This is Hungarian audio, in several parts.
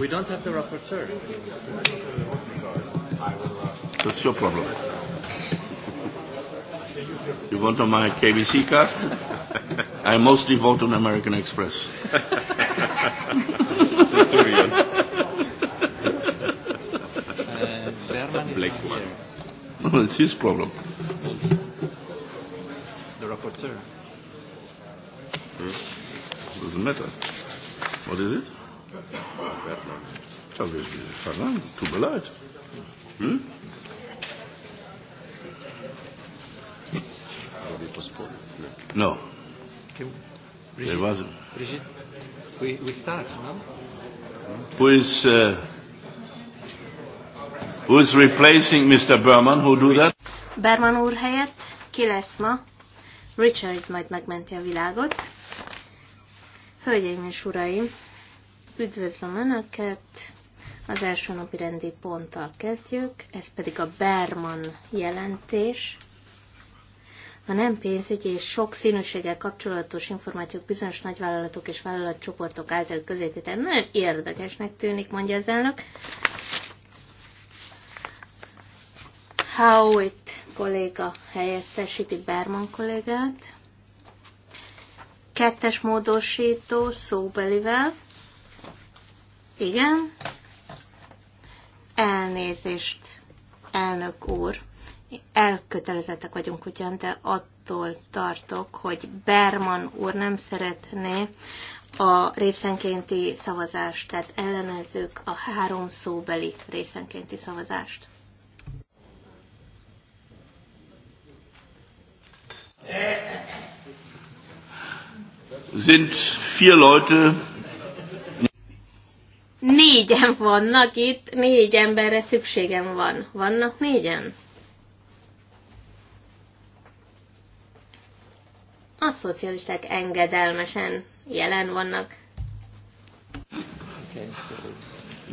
We don't have the rapporteur. That's your problem. You vote on my KBC card? I mostly vote on American Express. Black one. No, it's his problem. The rapporteur. Hmm? Doesn't matter. What is it? Ja, wir verlangen. Hm? we, start, no? Who is, uh, who is replacing Mr. Berman? Who do that? Berman úr helyett ki lesz ma? Richard majd megmenti a világot. Hölgyeim és uraim, üdvözlöm Önöket! Az első napi rendi ponttal kezdjük, ez pedig a Berman jelentés, a nem pénzügyi és sok színűséggel kapcsolatos információk bizonyos nagyvállalatok és vállalatcsoportok által közététel nagyon érdekesnek tűnik, mondja az elnök. Howitt kolléga helyettesíti Berman kollégát. Kettes módosító szóbelivel. Igen, Elnézést, elnök úr. Elkötelezettek vagyunk ugyan, de attól tartok, hogy Berman úr nem szeretné a részenkénti szavazást, tehát ellenezzük a három szóbeli részenkénti szavazást. Sind vier Leute Négyen vannak itt, négy emberre szükségem van. Vannak négyen? A szocialisták engedelmesen jelen vannak.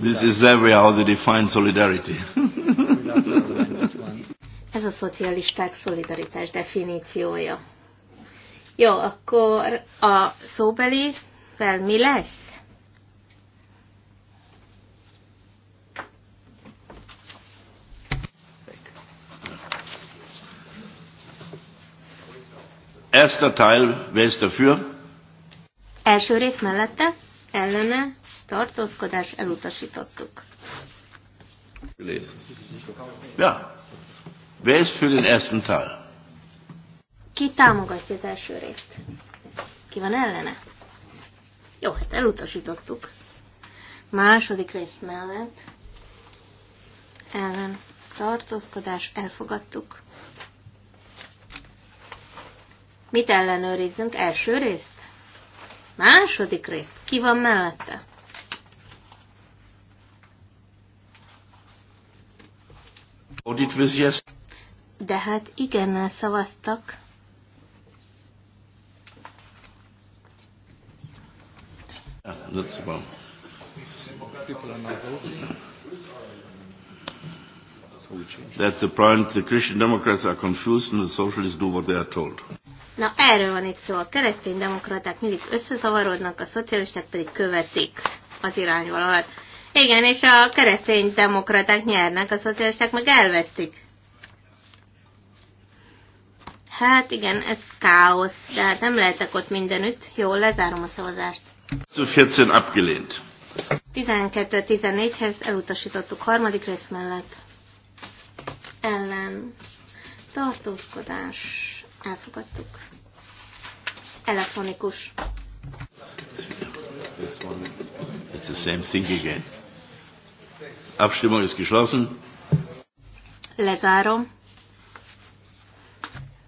This is every how they define solidarity. Ez a szocialisták szolidaritás definíciója. Jó, akkor a szóbeli fel mi lesz? Erster Teil, wer ist dafür? Első rész mellette, ellene, tartózkodás elutasítottuk. Ja. Wer ist für den ersten Teil? Ki támogatja az első részt? Ki van ellene? Jó, hát elutasítottuk. Második rész mellett ellen tartózkodás elfogadtuk. Mit ellenőrizzünk? Első részt? Második részt? Ki van mellette? De hát igennel szavaztak. That's the point. The Christian Democrats are confused and the socialists do what they are told. Na, erről van itt szó. A keresztény demokraták mindig összezavarodnak, a szocialisták pedig követik az irányvonalat. Igen, és a keresztény demokraták nyernek, a szocialisták meg elvesztik. Hát igen, ez káosz, de hát nem lehetek ott mindenütt. Jó, lezárom a szavazást. 14 abgelehnt. 12-14-hez elutasítottuk harmadik rész mellett. Ellen. Tartózkodás Elfogadtuk. Elektronikus. This one, it's the same thing again. Abstimmung ist geschlossen. Lezárom.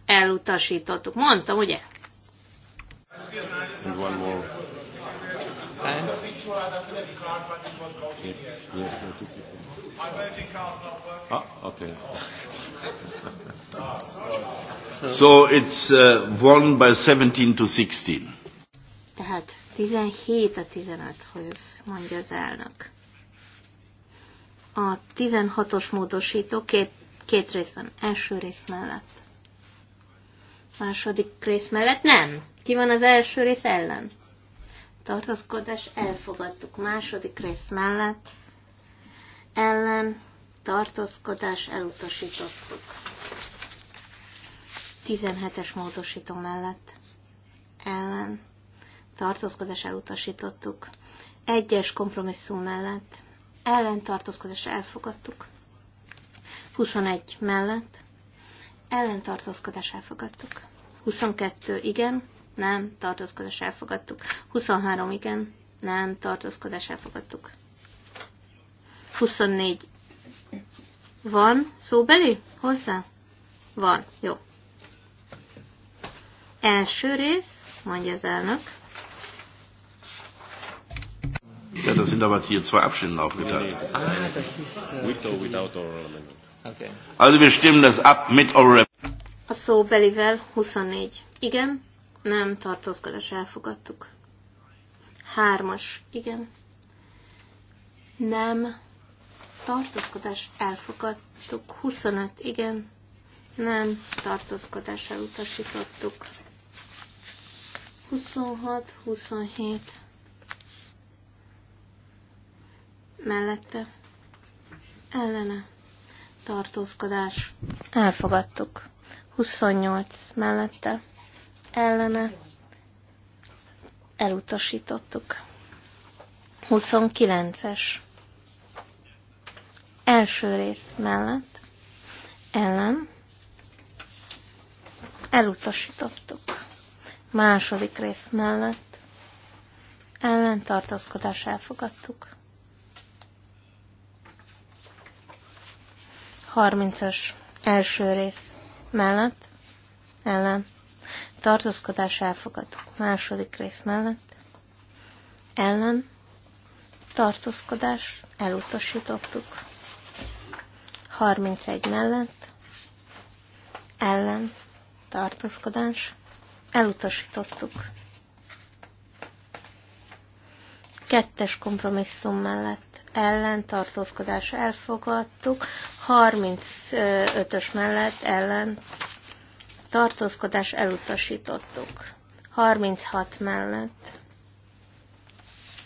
Elutasítottuk. Mondtam, ugye? And one more. And? Yes, yes, ah, okay. So it's uh, 1 by 17 to 16. Tehát 17 a 16-hoz, mondja az elnök. A 16-os módosító két, két részben. Első rész mellett. Második rész mellett nem. Ki van az első rész ellen? Tartózkodás elfogadtuk. Második rész mellett ellen tartózkodás elutasítottuk. 17-es módosító mellett ellen tartózkodás elutasítottuk. Egyes kompromisszum mellett ellen tartózkodás elfogadtuk. 21 mellett ellen tartózkodás elfogadtuk. 22 igen, nem, tartózkodás elfogadtuk. 23 igen, nem, tartózkodás elfogadtuk. 24 van szóbeli hozzá? Van, jó. Első rész, mondja az elnök. Ja, das sind aber hier zwei Abschnitte aufgeteilt. Nee, nee, das ist... Uh, With or without oral amendment. Okay. Also wir stimmen das ab mit oral A szóbelivel 24. Igen, nem tartózkodás, elfogadtuk. Hármas, igen. Nem, tartózkodás, elfogadtuk. 25, igen. Nem, tartózkodás, elutasítottuk. 26, 27 mellette ellene tartózkodás. Elfogadtuk. 28 mellette ellene elutasítottuk. 29-es első rész mellett ellen elutasítottuk. Második rész mellett ellentartózkodás elfogadtuk. 30-as első rész mellett ellen tartózkodás elfogadtuk. Második rész mellett ellen tartózkodás elutasítottuk. 31 mellett ellen tartózkodás Elutasítottuk. Kettes kompromisszum mellett ellen tartózkodás elfogadtuk. 35-ös mellett ellen tartózkodás elutasítottuk. 36 mellett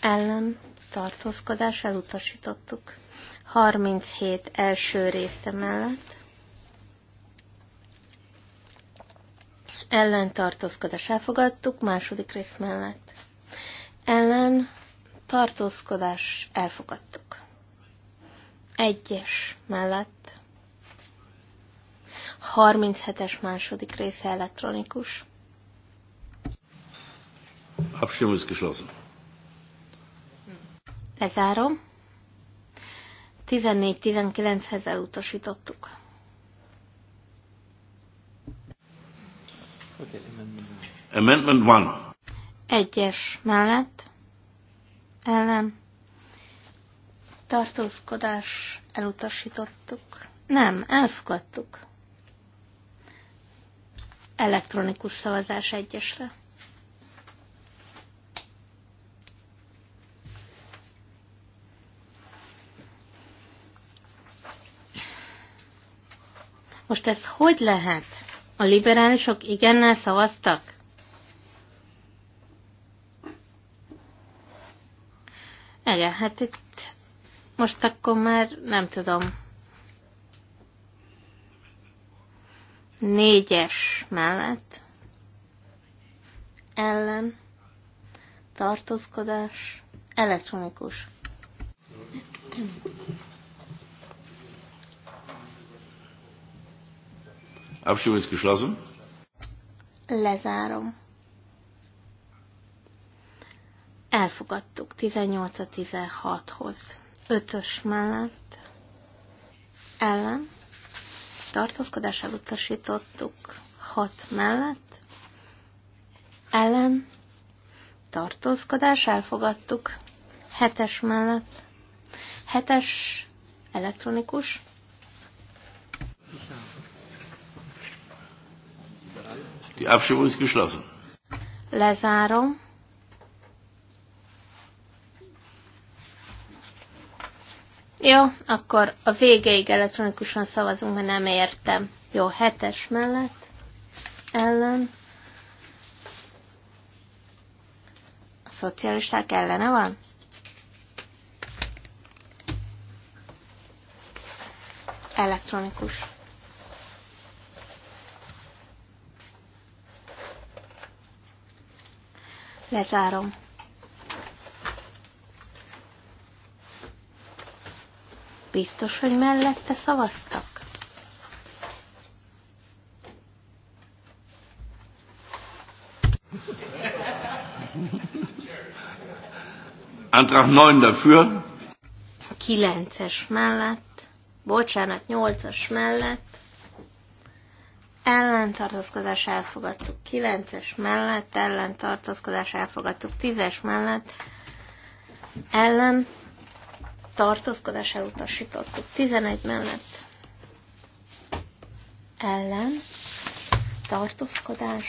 ellen tartózkodás elutasítottuk. 37 első része mellett ellen tartózkodás elfogadtuk, második rész mellett ellen tartózkodás elfogadtuk. Egyes mellett 37-es második része elektronikus. Abszolút ist Lezárom. 14 19 ezer elutasítottuk. Okay, amendment 1. Egyes mellett ellen tartózkodás elutasítottuk. Nem, elfogadtuk. Elektronikus szavazás egyesre. Most ez hogy lehet? A liberálisok igennel szavaztak? Igen, hát itt most akkor már nem tudom. Négyes mellett. Ellen. Tartózkodás. Elektronikus. Abstimmung ist geschlossen. Lezárom. Elfogadtuk 18-16-hoz. Ötös mellett ellen tartózkodás elutasítottuk. 6 mellett ellen tartózkodás elfogadtuk. Hetes mellett. Hetes elektronikus Die Abstimmung ist geschlossen. Lezárom. Jó, akkor a végéig elektronikusan szavazunk, mert nem értem. Jó, hetes mellett, ellen. A szocialisták ellene van? Elektronikus. Lezárom. Biztos, hogy mellette szavaztak? Antrag 9 dafür. 9-es mellett, bocsánat, 8-as mellett, Ellentartozkodás elfogadtuk 9-es mellett, ellentartozkodás elfogadtuk 10-es mellett, ellen tartózkodás elutasítottuk 11 mellett, ellen tartózkodás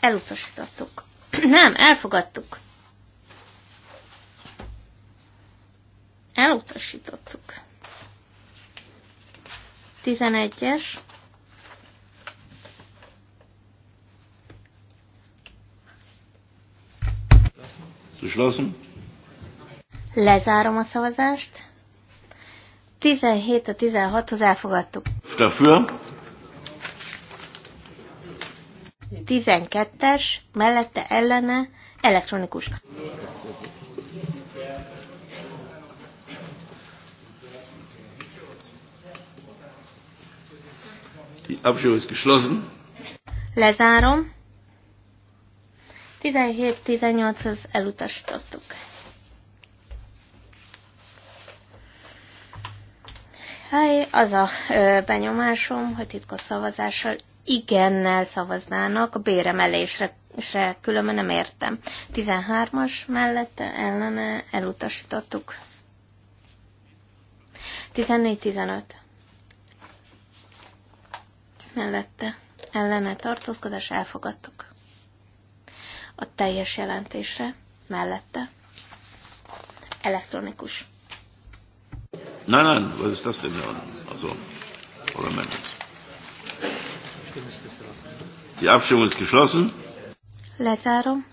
elutasítottuk. Nem, elfogadtuk. Elutasítottuk. 11-es Lezárom a szavazást. 17 a 16-hoz elfogadtuk. Dafür. 12-es, mellette ellene, elektronikus. Die Abstimmung ist geschlossen. Lezárom. 17-18-hoz elutasítottuk. Hely, az a benyomásom, hogy titkos szavazással igennel szavaznának a béremelésre, se, különben nem értem. 13-as mellette ellene elutasítottuk. 14-15 mellette ellene tartózkodás elfogadtuk a teljes jelentésre mellette. Elektronikus. Nein, nein, was ist das denn? Also, oder Amendments. Die Abstimmung ist geschlossen. Lezárom.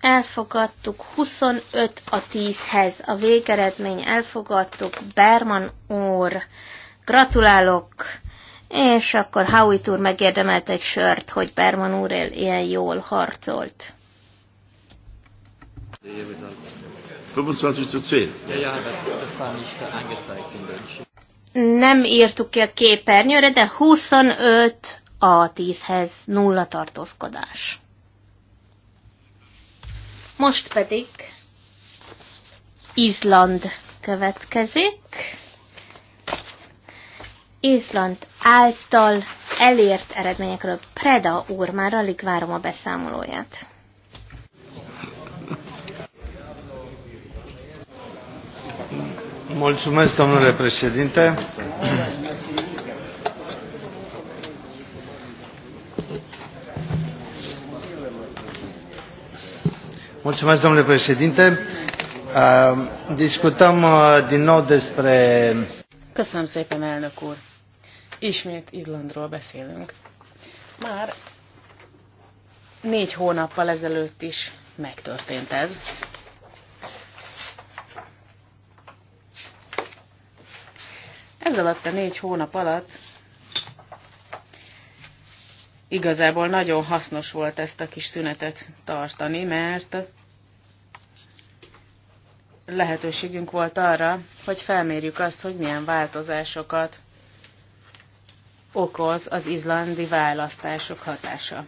Elfogadtuk 25 a 10-hez. A végeredmény elfogadtuk. Berman úr, gratulálok! és akkor Howitt úr megérdemelt egy sört, hogy Berman úr ilyen jól harcolt. 25 10. Nem írtuk ki a képernyőre, de 25 a 10-hez nulla tartózkodás. Most pedig Izland következik. Izland által elért eredményekről. Preda úr, már alig várom a beszámolóját. Mulțumesc, domnule președinte. Mulțumesc, domnule președinte. Discutăm uh, din nou despre Köszönöm szépen, elnök úr. Ismét Izlandról beszélünk. Már négy hónappal ezelőtt is megtörtént ez. Ez alatt a négy hónap alatt igazából nagyon hasznos volt ezt a kis szünetet tartani, mert lehetőségünk volt arra, hogy felmérjük azt, hogy milyen változásokat okoz az izlandi választások hatása.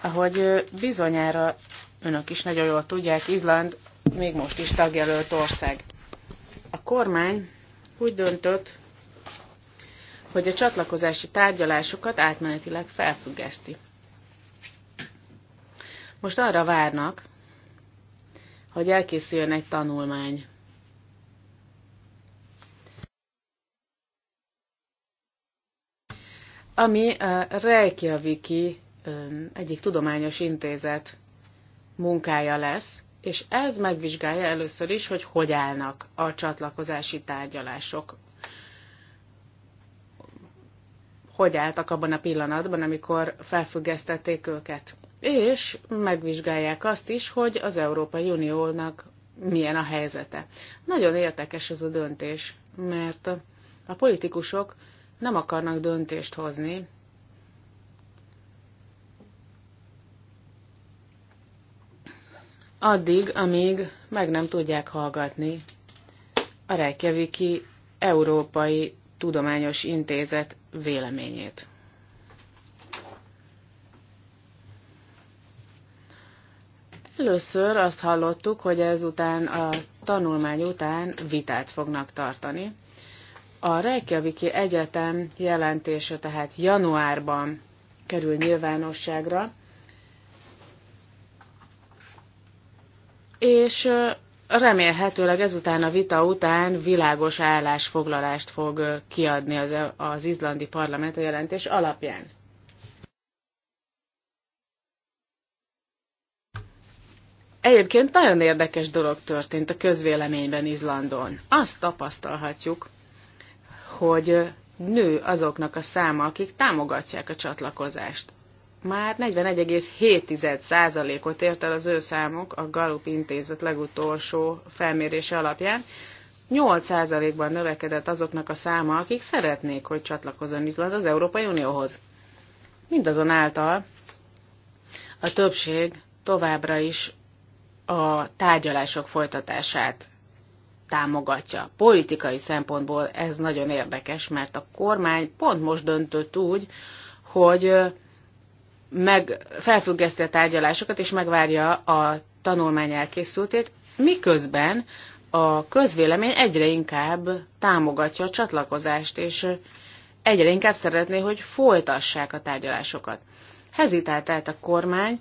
Ahogy bizonyára önök is nagyon jól tudják, Izland még most is tagjelölt ország. A kormány úgy döntött, hogy a csatlakozási tárgyalásokat átmenetileg felfüggeszti. Most arra várnak, hogy elkészüljön egy tanulmány. ami a Reykjaviki egyik tudományos intézet munkája lesz, és ez megvizsgálja először is, hogy hogy állnak a csatlakozási tárgyalások. Hogy álltak abban a pillanatban, amikor felfüggesztették őket és megvizsgálják azt is, hogy az Európai Uniónak milyen a helyzete. Nagyon érdekes ez a döntés, mert a politikusok nem akarnak döntést hozni, addig, amíg meg nem tudják hallgatni a Reykjaviki Európai Tudományos Intézet véleményét. Először azt hallottuk, hogy ezután a tanulmány után vitát fognak tartani. A Reykjaviki Egyetem jelentése tehát januárban kerül nyilvánosságra, és remélhetőleg ezután a vita után világos állásfoglalást fog kiadni az, e- az izlandi parlament a jelentés alapján. Egyébként nagyon érdekes dolog történt a közvéleményben Izlandon. Azt tapasztalhatjuk, hogy nő azoknak a száma, akik támogatják a csatlakozást. Már 41,7%-ot ért el az ő számuk a Gallup intézet legutolsó felmérése alapján. 8%-ban növekedett azoknak a száma, akik szeretnék, hogy csatlakozzon Izland az Európai Unióhoz. Mindazonáltal a többség továbbra is a tárgyalások folytatását támogatja. Politikai szempontból ez nagyon érdekes, mert a kormány pont most döntött úgy, hogy meg felfüggeszti a tárgyalásokat, és megvárja a tanulmány elkészültét, miközben a közvélemény egyre inkább támogatja a csatlakozást, és egyre inkább szeretné, hogy folytassák a tárgyalásokat. Hezitált a kormány,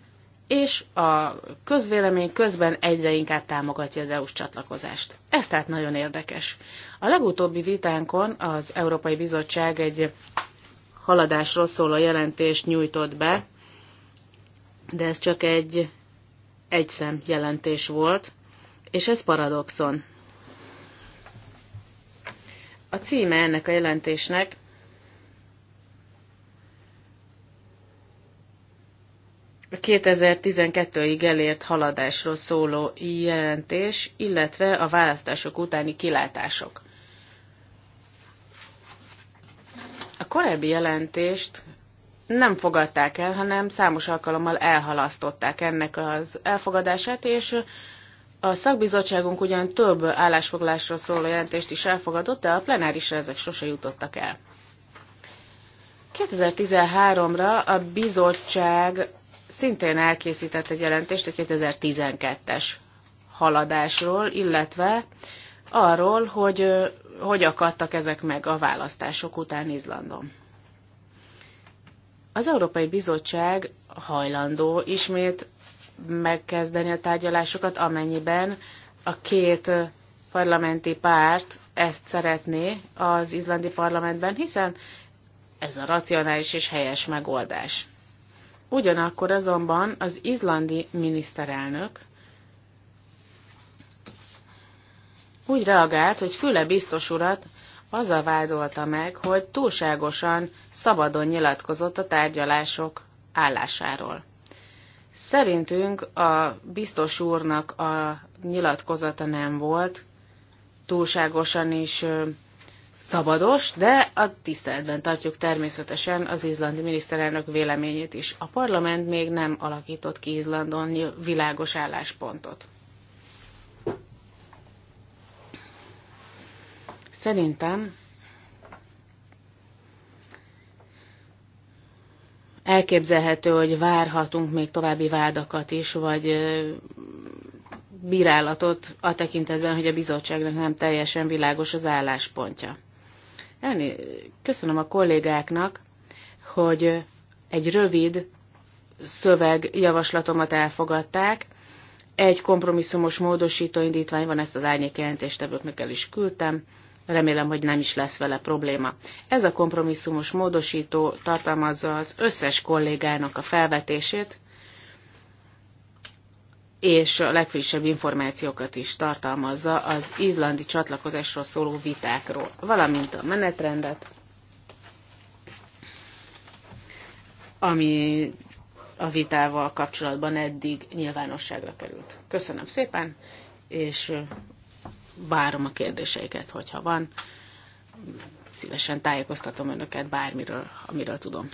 és a közvélemény közben egyre inkább támogatja az EU-s csatlakozást. Ez tehát nagyon érdekes. A legutóbbi vitánkon az Európai Bizottság egy haladásról szóló jelentést nyújtott be, de ez csak egy egyszem jelentés volt, és ez paradoxon. A címe ennek a jelentésnek 2012-ig elért haladásról szóló jelentés, illetve a választások utáni kilátások. A korábbi jelentést nem fogadták el, hanem számos alkalommal elhalasztották ennek az elfogadását, és a szakbizottságunk ugyan több állásfoglásról szóló jelentést is elfogadott, de a plenárisra ezek sose jutottak el. 2013-ra a bizottság szintén elkészített egy jelentést a 2012-es haladásról, illetve arról, hogy hogy akadtak ezek meg a választások után Izlandon. Az Európai Bizottság hajlandó ismét megkezdeni a tárgyalásokat, amennyiben a két parlamenti párt ezt szeretné az izlandi parlamentben, hiszen ez a racionális és helyes megoldás. Ugyanakkor azonban az izlandi miniszterelnök úgy reagált, hogy Füle biztos urat azzal vádolta meg, hogy túlságosan szabadon nyilatkozott a tárgyalások állásáról. Szerintünk a biztos úrnak a nyilatkozata nem volt túlságosan is szabados, de a tiszteletben tartjuk természetesen az izlandi miniszterelnök véleményét is. A parlament még nem alakított ki Izlandon világos álláspontot. Szerintem elképzelhető, hogy várhatunk még további vádakat is, vagy bírálatot a tekintetben, hogy a bizottságnak nem teljesen világos az álláspontja. Elné köszönöm a kollégáknak, hogy egy rövid szövegjavaslatomat elfogadták. Egy kompromisszumos módosító indítvány van, ezt az árnyék jelentéstevőknek el is küldtem. Remélem, hogy nem is lesz vele probléma. Ez a kompromisszumos módosító tartalmazza az összes kollégának a felvetését, és a legfrissebb információkat is tartalmazza az izlandi csatlakozásról szóló vitákról, valamint a menetrendet, ami a vitával kapcsolatban eddig nyilvánosságra került. Köszönöm szépen, és várom a kérdéseiket, hogyha van. Szívesen tájékoztatom önöket bármiről, amiről tudom.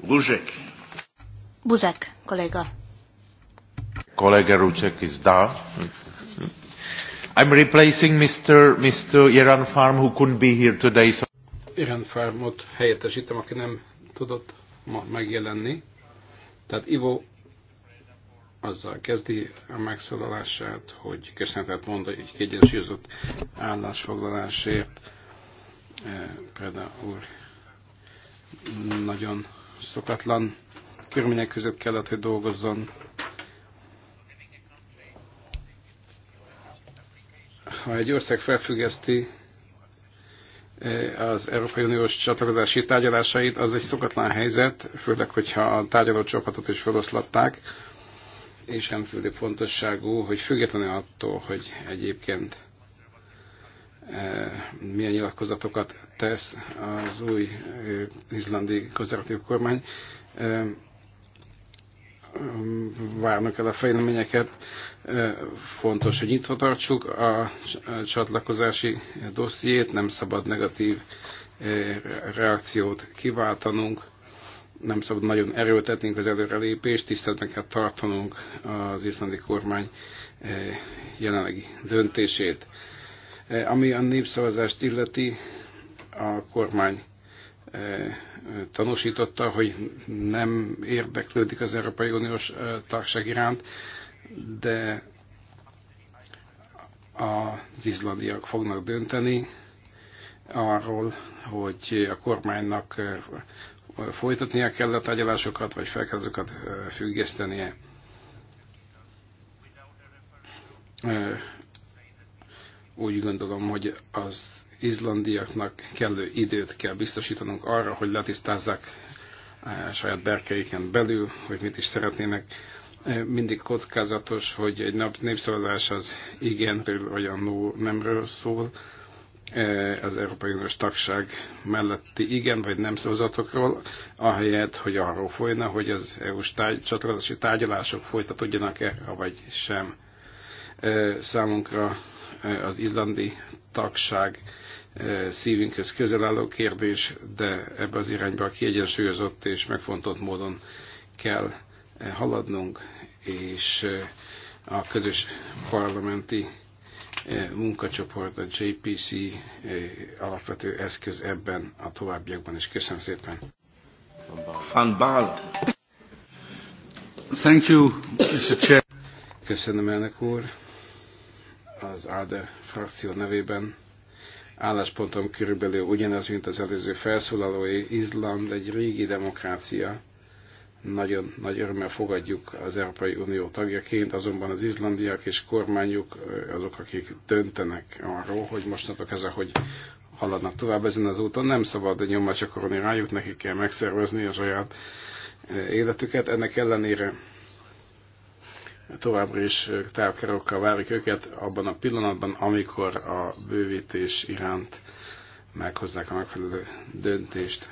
Buzek. Buzek, kolléga kolega Ruček is da. I'm replacing Mr. Mr. Iran Farm, who couldn't be here today. So... Iran Farmot helyettesítem, aki nem tudott ma megjelenni. Tehát Ivo azzal kezdi a megszólalását, hogy köszönetet mond egy kiegyensúlyozott állásfoglalásért. E, Preda úr nagyon szokatlan körmények között kellett, hogy dolgozzon ha egy ország felfüggeszti eh, az Európai Uniós csatlakozási tárgyalásait, az egy szokatlan helyzet, főleg, hogyha a tárgyaló csapatot is feloszlatták, és rendkívül fontosságú, hogy függetlenül attól, hogy egyébként eh, milyen nyilatkozatokat tesz az új eh, izlandi konzervatív kormány, várnak el a fejleményeket. Fontos, hogy nyitva tartsuk a csatlakozási dossziét, nem szabad negatív reakciót kiváltanunk, nem szabad nagyon erőltetnünk az előrelépést, tiszteletben kell tartanunk az iszlandi kormány jelenlegi döntését. Ami a népszavazást illeti, a kormány E, tanúsította, hogy nem érdeklődik az Európai Uniós e, tagság iránt, de az izlandiak fognak dönteni arról, hogy a kormánynak e, folytatnia kell a tárgyalásokat, vagy fel kell azokat függesztenie. Úgy gondolom, hogy az izlandiaknak kellő időt kell biztosítanunk arra, hogy letisztázzák eh, saját berkeiken belül, hogy mit is szeretnének. Eh, mindig kockázatos, hogy egy nap népszavazás az igenről vagy a no nemről szól, eh, az Európai Uniós tagság melletti igen vagy nem szavazatokról, ahelyett, hogy arról folyna, hogy az EU-s tárgy, csatlakozási tárgyalások folytatódjanak-e, vagy sem. Számunkra az izlandi tagság szívünkhöz közel álló kérdés, de ebbe az irányba kiegyensúlyozott és megfontolt módon kell haladnunk, és a közös parlamenti munkacsoport, a JPC alapvető eszköz ebben a továbbiakban is. Köszönöm szépen. Van Thank you, Mr. Chair. Köszönöm, elnök úr. Az áde frakció nevében álláspontom körülbelül ugyanaz, mint az előző felszólalói. Izland egy régi demokrácia, nagyon nagy örömmel fogadjuk az Európai Unió tagjaként, azonban az izlandiak és kormányuk azok, akik döntenek arról, hogy mostanatok ez, hogy haladnak tovább ezen az úton. Nem szabad nyomva csakorolni rájuk, nekik kell megszervezni a saját életüket. Ennek ellenére továbbra is tárgykarokkal várjuk őket abban a pillanatban, amikor a bővítés iránt meghozzák a megfelelő döntést.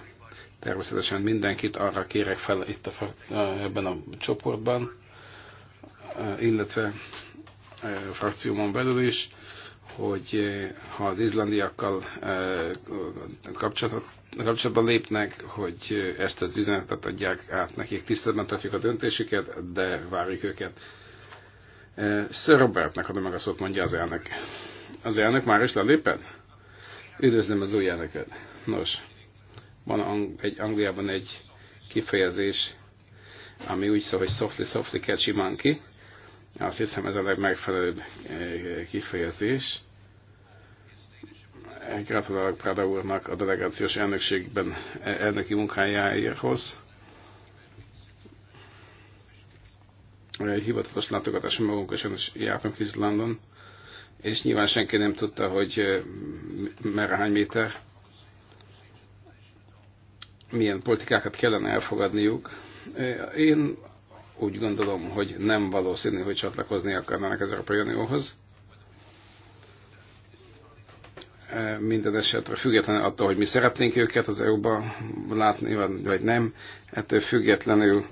Természetesen mindenkit arra kérek fel itt a, ebben a csoportban, illetve a frakciómon belül is, hogy ha az izlandiakkal kapcsolatban lépnek, hogy ezt az üzenetet adják át nekik. Tiszteletben tartjuk a döntésüket, de várjuk őket Eh, Sir Robertnek adom meg a szót, mondja az elnök. Az elnök már is lelépett? Üdvözlöm az új elnököt. Nos, van egy Angliában egy kifejezés, ami úgy szól, hogy softly, softly, catchy monkey. Azt hiszem ez a legmegfelelőbb eh, kifejezés. Gratulálok Prada úrnak a delegációs elnökségben eh, elnöki munkájához. hivatalos látogatáson magunk is jártunk Izlandon, és nyilván senki nem tudta, hogy merre hány méter, milyen politikákat kellene elfogadniuk. Én úgy gondolom, hogy nem valószínű, hogy csatlakozni akarnának az Európai Unióhoz. Minden esetre függetlenül attól, hogy mi szeretnénk őket az EU-ba látni, vagy nem, ettől függetlenül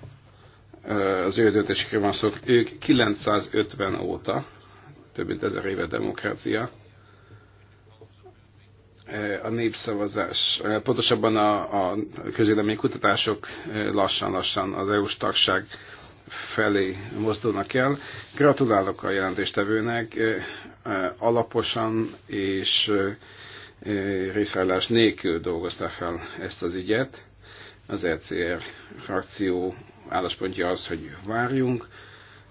az ő döntésekről van szó. Ők 950 óta, több mint ezer éve demokrácia, a népszavazás, pontosabban a, a kutatások lassan-lassan az EU-s tagság felé mozdulnak el. Gratulálok a jelentéstevőnek, alaposan és részállás nélkül dolgozta fel ezt az ügyet. Az ECR frakció álláspontja az, hogy várjunk,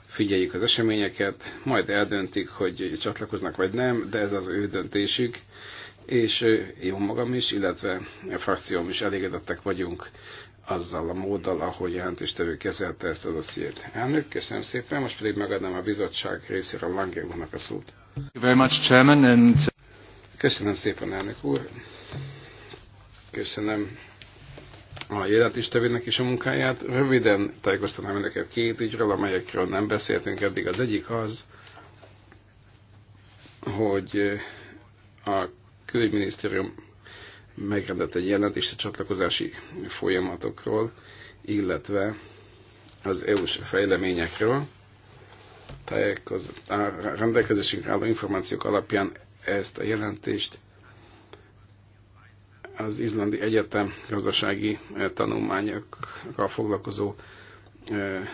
figyeljük az eseményeket, majd eldöntik, hogy csatlakoznak vagy nem, de ez az ő döntésük, és jó magam is, illetve a frakcióm is elégedettek vagyunk azzal a móddal, ahogy jelentéstevő kezelte ezt a dossziét. Elnök, köszönöm szépen, most pedig megadnám a bizottság részéről Lange úrnak a szót. Köszönöm szépen, elnök úr. Köszönöm a jelentéstevének is a munkáját. Röviden tájékoztatnám önöket két ügyről, amelyekről nem beszéltünk eddig. Az egyik az, hogy a külügyminisztérium megrendelt egy jelentést a csatlakozási folyamatokról, illetve az EU-s fejleményekről. Tájékoz... A rendelkezésünkre álló információk alapján ezt a jelentést az Izlandi Egyetem gazdasági eh, tanulmányokkal foglalkozó eh, eh,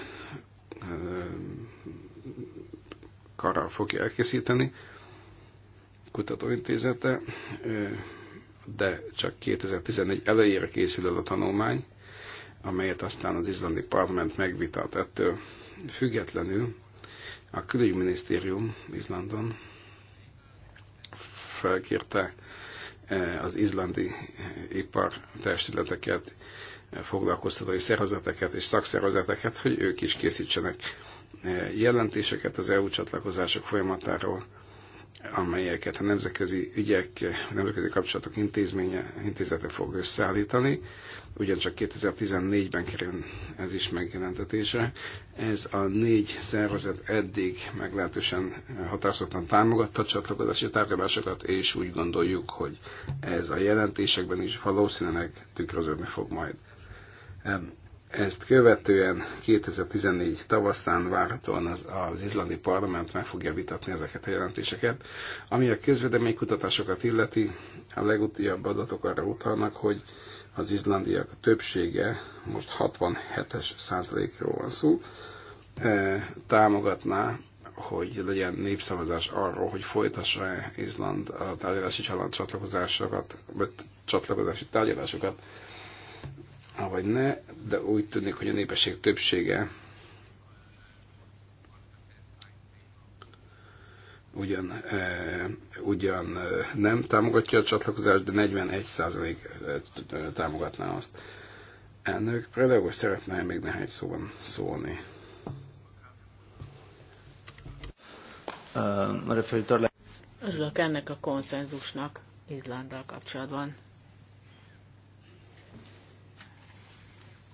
karral fogja elkészíteni kutatóintézete, de csak 2014 elejére készül el a tanulmány, amelyet aztán az izlandi parlament megvitat. Ettől függetlenül a külügyminisztérium Izlandon felkérte Eh, az izlandi eh, testületeket, eh, foglalkoztatói szervezeteket és szakszervezeteket, hogy ők is készítsenek jelentéseket az EU csatlakozások folyamatáról, amelyeket a Nemzetközi Ügyek, a Nemzetközi Kapcsolatok Intézménye, Intézete fog összeállítani. Ugyancsak 2014-ben kerül ez is megjelentetésre. Ez a négy szervezet eddig meglehetősen határozottan támogatta a csatlakozási tárgyalásokat, és úgy gondoljuk, hogy ez a jelentésekben is valószínűleg tükröződni fog majd. Ezt követően 2014 tavaszán várhatóan az, az izlandi parlament meg fogja vitatni ezeket a jelentéseket. Ami a kutatásokat illeti, a legutóbb adatok arra utalnak, hogy az izlandiak többsége, most 67-es százalékról van szó, támogatná, hogy legyen népszavazás arról, hogy folytassa Izland a tárgyalási csatlakozásokat, vagy csatlakozási tárgyalásokat vagy ne, de úgy tűnik, hogy a népesség többsége ugyan, uh, ugyan e, nem támogatja a csatlakozást, de 41% e, támogatná azt. Elnök, Preleó szeretne még néhány szóban szólni. Örülök ennek a konszenzusnak Izlanddal kapcsolatban.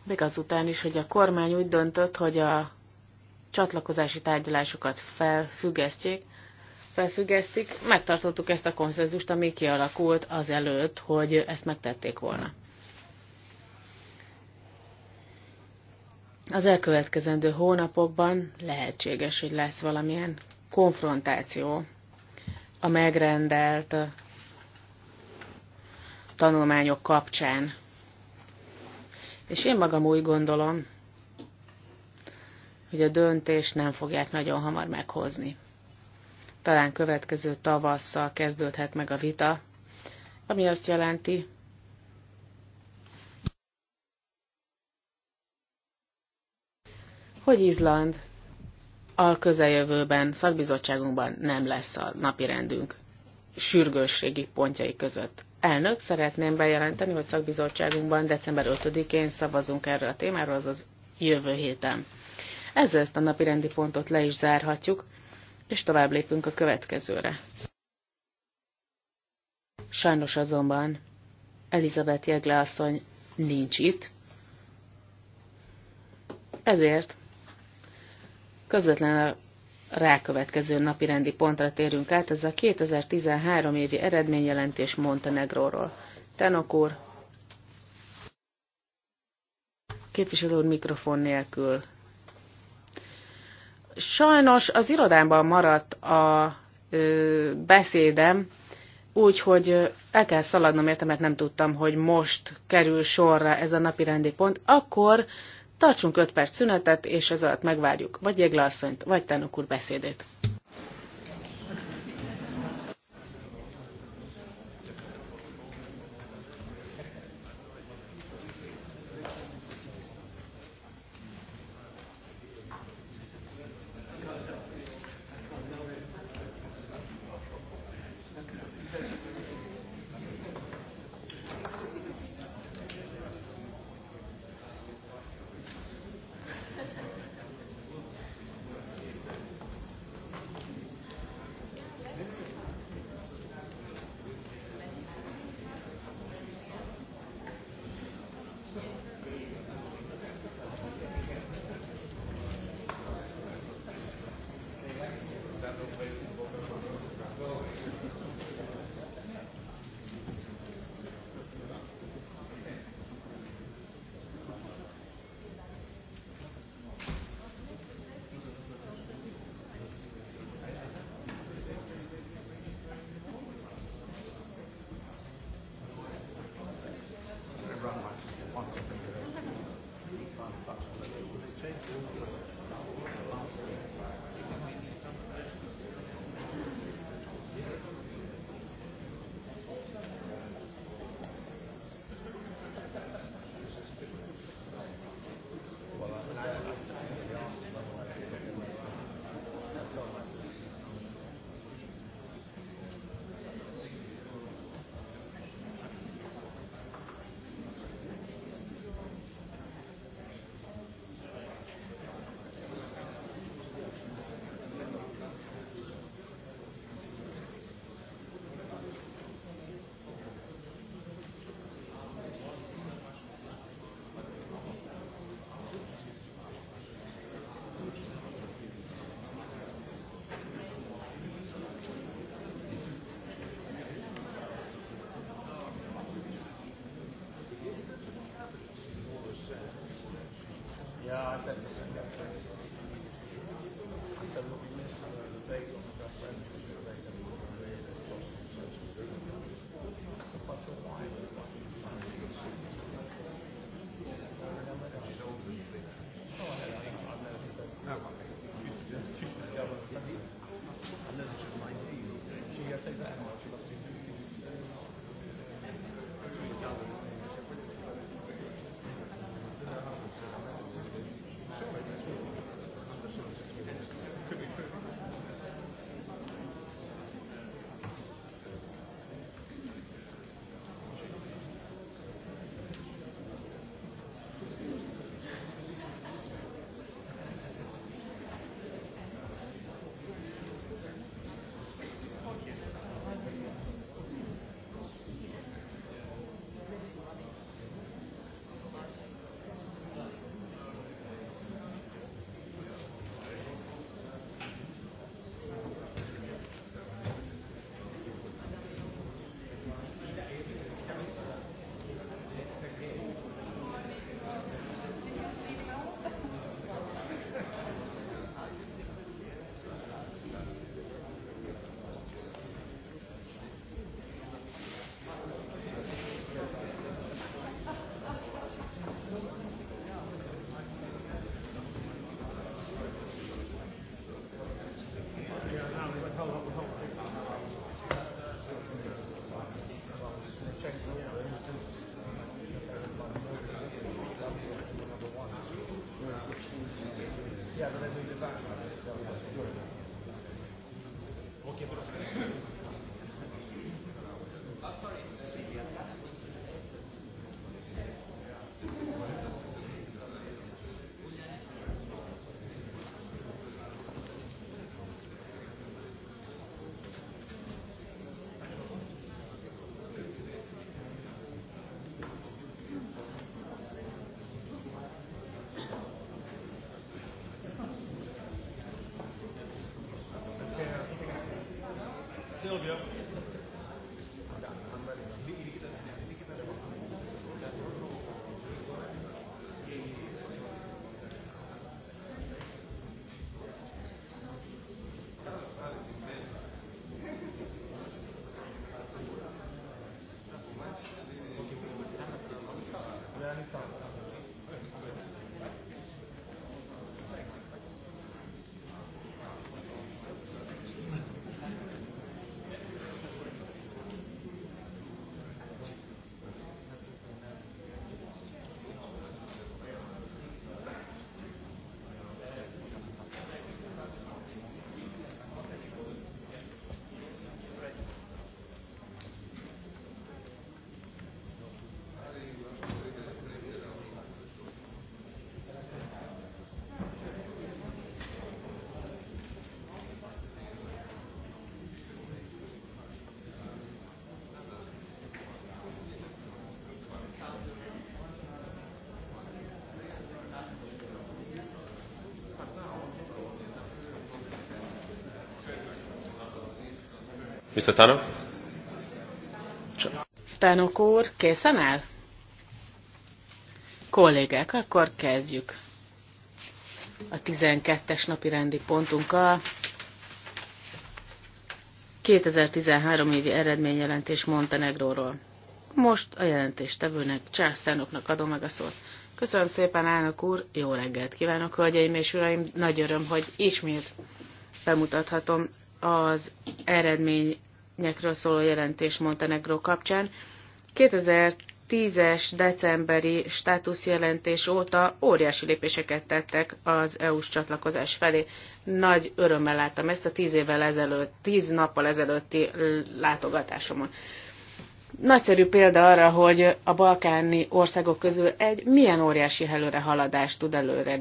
még azután is, hogy a kormány úgy döntött, hogy a csatlakozási tárgyalásokat felfüggesztjék, felfüggesztik, megtartottuk ezt a konszenzust, ami kialakult az előtt, hogy ezt megtették volna. Az elkövetkezendő hónapokban lehetséges, hogy lesz valamilyen konfrontáció a megrendelt tanulmányok kapcsán és én magam úgy gondolom, hogy a döntést nem fogják nagyon hamar meghozni. Talán következő tavasszal kezdődhet meg a vita, ami azt jelenti, hogy Izland a közeljövőben szakbizottságunkban nem lesz a napirendünk sürgősségi pontjai között. Elnök, szeretném bejelenteni, hogy szakbizottságunkban december 5-én szavazunk erről a témáról, azaz jövő héten. Ezzel ezt a napi rendi pontot le is zárhatjuk, és tovább lépünk a következőre. Sajnos azonban Elizabeth Jegle asszony nincs itt, ezért közvetlenül rákövetkező napi rendi pontra térünk át, ez a 2013 évi eredményjelentés Montenegróról. Tenok úr, képviselő úr mikrofon nélkül. Sajnos az irodámban maradt a ö, beszédem, úgyhogy el kell szaladnom érte, mert nem tudtam, hogy most kerül sorra ez a napi rendi pont. Akkor Tartsunk 5 perc szünetet, és ez alatt megvárjuk vagy Jégle asszonyt, vagy Tánok úr beszédét. Mr. Tanok? Tanok úr, készen áll? Kollégák, akkor kezdjük a 12-es napi rendi pontunkkal. 2013 évi eredményjelentés Montenegróról. Most a jelentéstevőnek, Charles Tanoknak adom meg a szót. Köszönöm szépen, elnök úr, jó reggelt kívánok, hölgyeim és uraim, nagy öröm, hogy ismét bemutathatom az eredmény nyekről szóló jelentés Montenegro kapcsán. 2010-es decemberi státuszjelentés óta óriási lépéseket tettek az EU-s csatlakozás felé. Nagy örömmel láttam ezt a tíz évvel ezelőtt, tíz nappal ezelőtti látogatásomon. Nagyszerű példa arra, hogy a balkáni országok közül egy milyen óriási előre haladást tud előre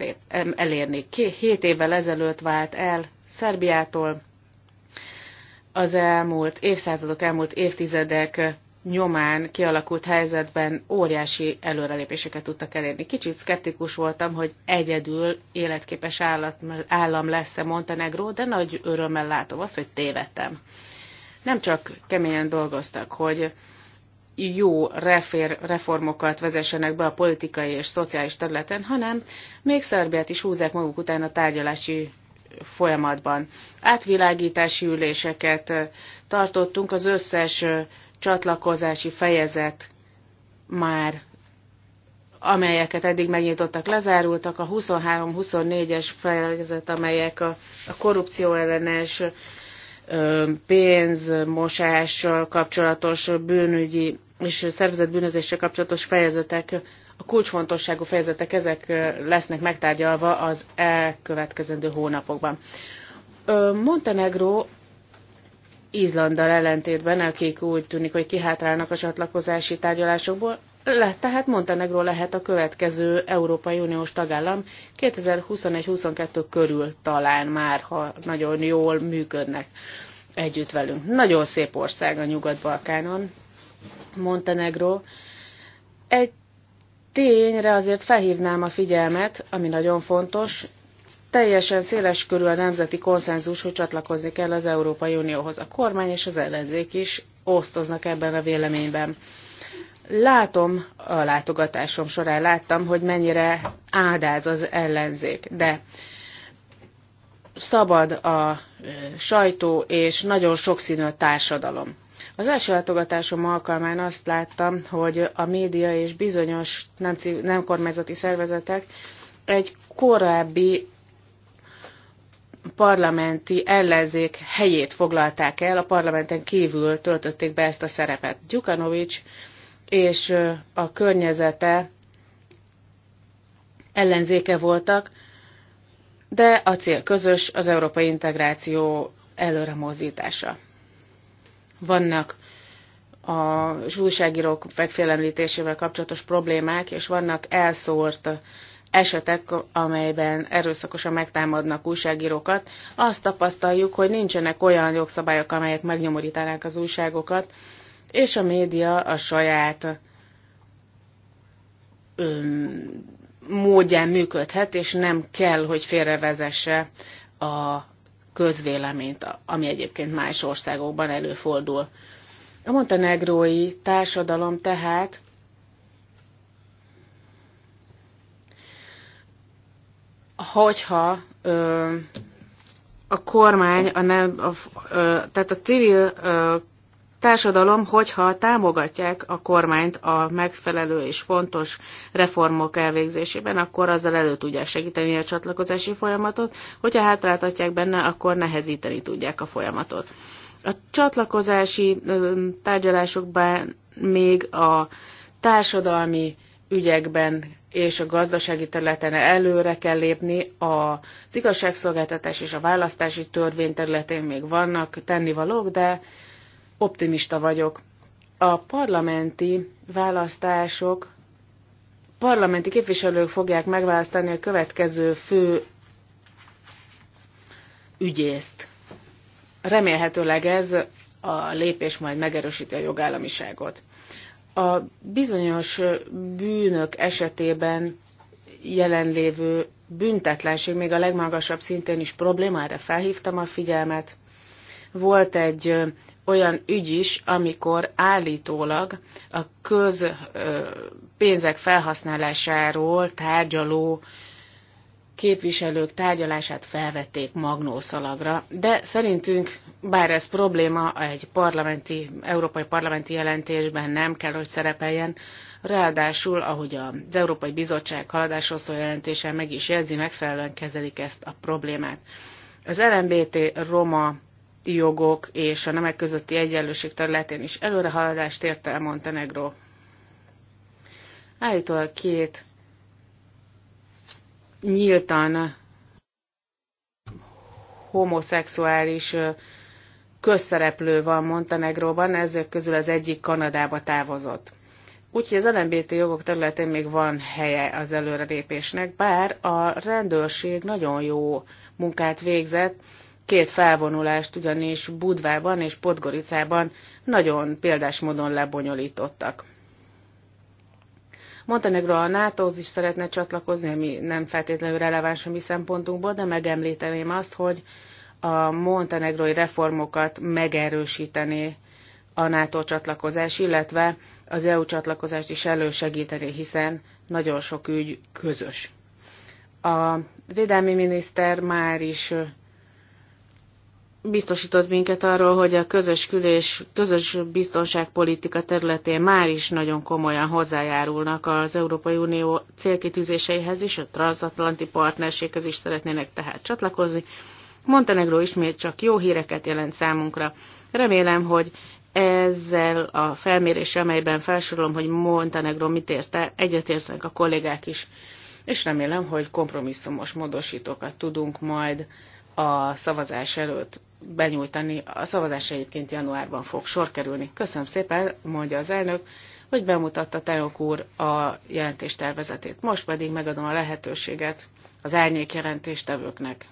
elérni. Két évvel ezelőtt vált el Szerbiától, az elmúlt évszázadok, elmúlt évtizedek nyomán kialakult helyzetben óriási előrelépéseket tudtak elérni. Kicsit szkeptikus voltam, hogy egyedül életképes állat, állam lesz-e Montenegró, de nagy örömmel látom azt, hogy tévedtem. Nem csak keményen dolgoztak, hogy jó refér, reformokat vezessenek be a politikai és szociális területen, hanem még Szerbiát is húzzák maguk után a tárgyalási folyamatban. Átvilágítási üléseket tartottunk, az összes csatlakozási fejezet már amelyeket eddig megnyitottak, lezárultak, a 23-24-es fejezet, amelyek a, a korrupció ellenes pénzmosással kapcsolatos bűnügyi és szervezett bűnözéssel kapcsolatos fejezetek a kulcsfontosságú fejezetek ezek lesznek megtárgyalva az elkövetkezendő hónapokban. Montenegro Izlanddal ellentétben, akik úgy tűnik, hogy kihátrálnak a csatlakozási tárgyalásokból, le, tehát Montenegro lehet a következő Európai Uniós tagállam 2021-22 körül talán már, ha nagyon jól működnek együtt velünk. Nagyon szép ország a Nyugat-Balkánon, Montenegro. Egy tényre azért felhívnám a figyelmet, ami nagyon fontos, teljesen széles körül a nemzeti konszenzus, hogy csatlakozni kell az Európai Unióhoz. A kormány és az ellenzék is osztoznak ebben a véleményben. Látom, a látogatásom során láttam, hogy mennyire áldáz az ellenzék, de szabad a sajtó és nagyon sokszínű a társadalom. Az első látogatásom alkalmán azt láttam, hogy a média és bizonyos nem, nem kormányzati szervezetek egy korábbi parlamenti ellenzék helyét foglalták el, a parlamenten kívül töltötték be ezt a szerepet. Gyukanovics és a környezete ellenzéke voltak, de a cél közös az európai integráció előremozítása vannak a újságírók megfélemlítésével kapcsolatos problémák, és vannak elszórt esetek, amelyben erőszakosan megtámadnak újságírókat, azt tapasztaljuk, hogy nincsenek olyan jogszabályok, amelyek megnyomorítanák az újságokat, és a média a saját öm, módján működhet, és nem kell, hogy félrevezesse a közvéleményt, ami egyébként más országokban előfordul. A montenegrói társadalom tehát hogyha ö, a kormány, a nem, a, ö, tehát a civil ö, társadalom, hogyha támogatják a kormányt a megfelelő és fontos reformok elvégzésében, akkor azzal elő tudják segíteni a csatlakozási folyamatot, hogyha hátráltatják benne, akkor nehezíteni tudják a folyamatot. A csatlakozási tárgyalásokban még a társadalmi ügyekben és a gazdasági területen előre kell lépni, az igazságszolgáltatás és a választási törvény területén még vannak tennivalók, de optimista vagyok. A parlamenti választások, parlamenti képviselők fogják megválasztani a következő fő ügyészt. Remélhetőleg ez a lépés majd megerősíti a jogállamiságot. A bizonyos bűnök esetében jelenlévő büntetlenség még a legmagasabb szintén is problémára felhívtam a figyelmet. Volt egy olyan ügy is, amikor állítólag a közpénzek felhasználásáról tárgyaló képviselők tárgyalását felvették magnószalagra, de szerintünk, bár ez probléma, egy parlamenti, európai parlamenti jelentésben nem kell, hogy szerepeljen, ráadásul, ahogy az Európai Bizottság haladásról szóló jelentése meg is jelzi, megfelelően kezelik ezt a problémát. Az LMBT roma jogok és a nemek közötti egyenlőség területén is előrehaladást ért el Montenegro. Állítólag két nyíltan homoszexuális közszereplő van Montenegróban, ezek közül az egyik Kanadába távozott. Úgyhogy az LMBT jogok területén még van helye az előrelépésnek, bár a rendőrség nagyon jó munkát végzett, két felvonulást ugyanis Budvában és Podgoricában nagyon példás módon lebonyolítottak. Montenegro a nato is szeretne csatlakozni, ami nem feltétlenül releváns a mi szempontunkból, de megemlíteném azt, hogy a montenegrói reformokat megerősíteni a NATO csatlakozás, illetve az EU csatlakozást is elősegíteni, hiszen nagyon sok ügy közös. A védelmi miniszter már is biztosított minket arról, hogy a közös külés, közös biztonságpolitika területén már is nagyon komolyan hozzájárulnak az Európai Unió célkitűzéseihez is, a transatlanti partnerséghez is szeretnének tehát csatlakozni. Montenegro ismét csak jó híreket jelent számunkra. Remélem, hogy ezzel a felmérés amelyben felsorolom, hogy Montenegro mit érte, egyetértenek a kollégák is, és remélem, hogy kompromisszumos módosítókat tudunk majd a szavazás előtt benyújtani. A szavazás egyébként januárban fog sor kerülni. Köszönöm szépen, mondja az elnök, hogy bemutatta Teok úr a jelentés tervezetét. Most pedig megadom a lehetőséget az árnyék jelentéstevőknek.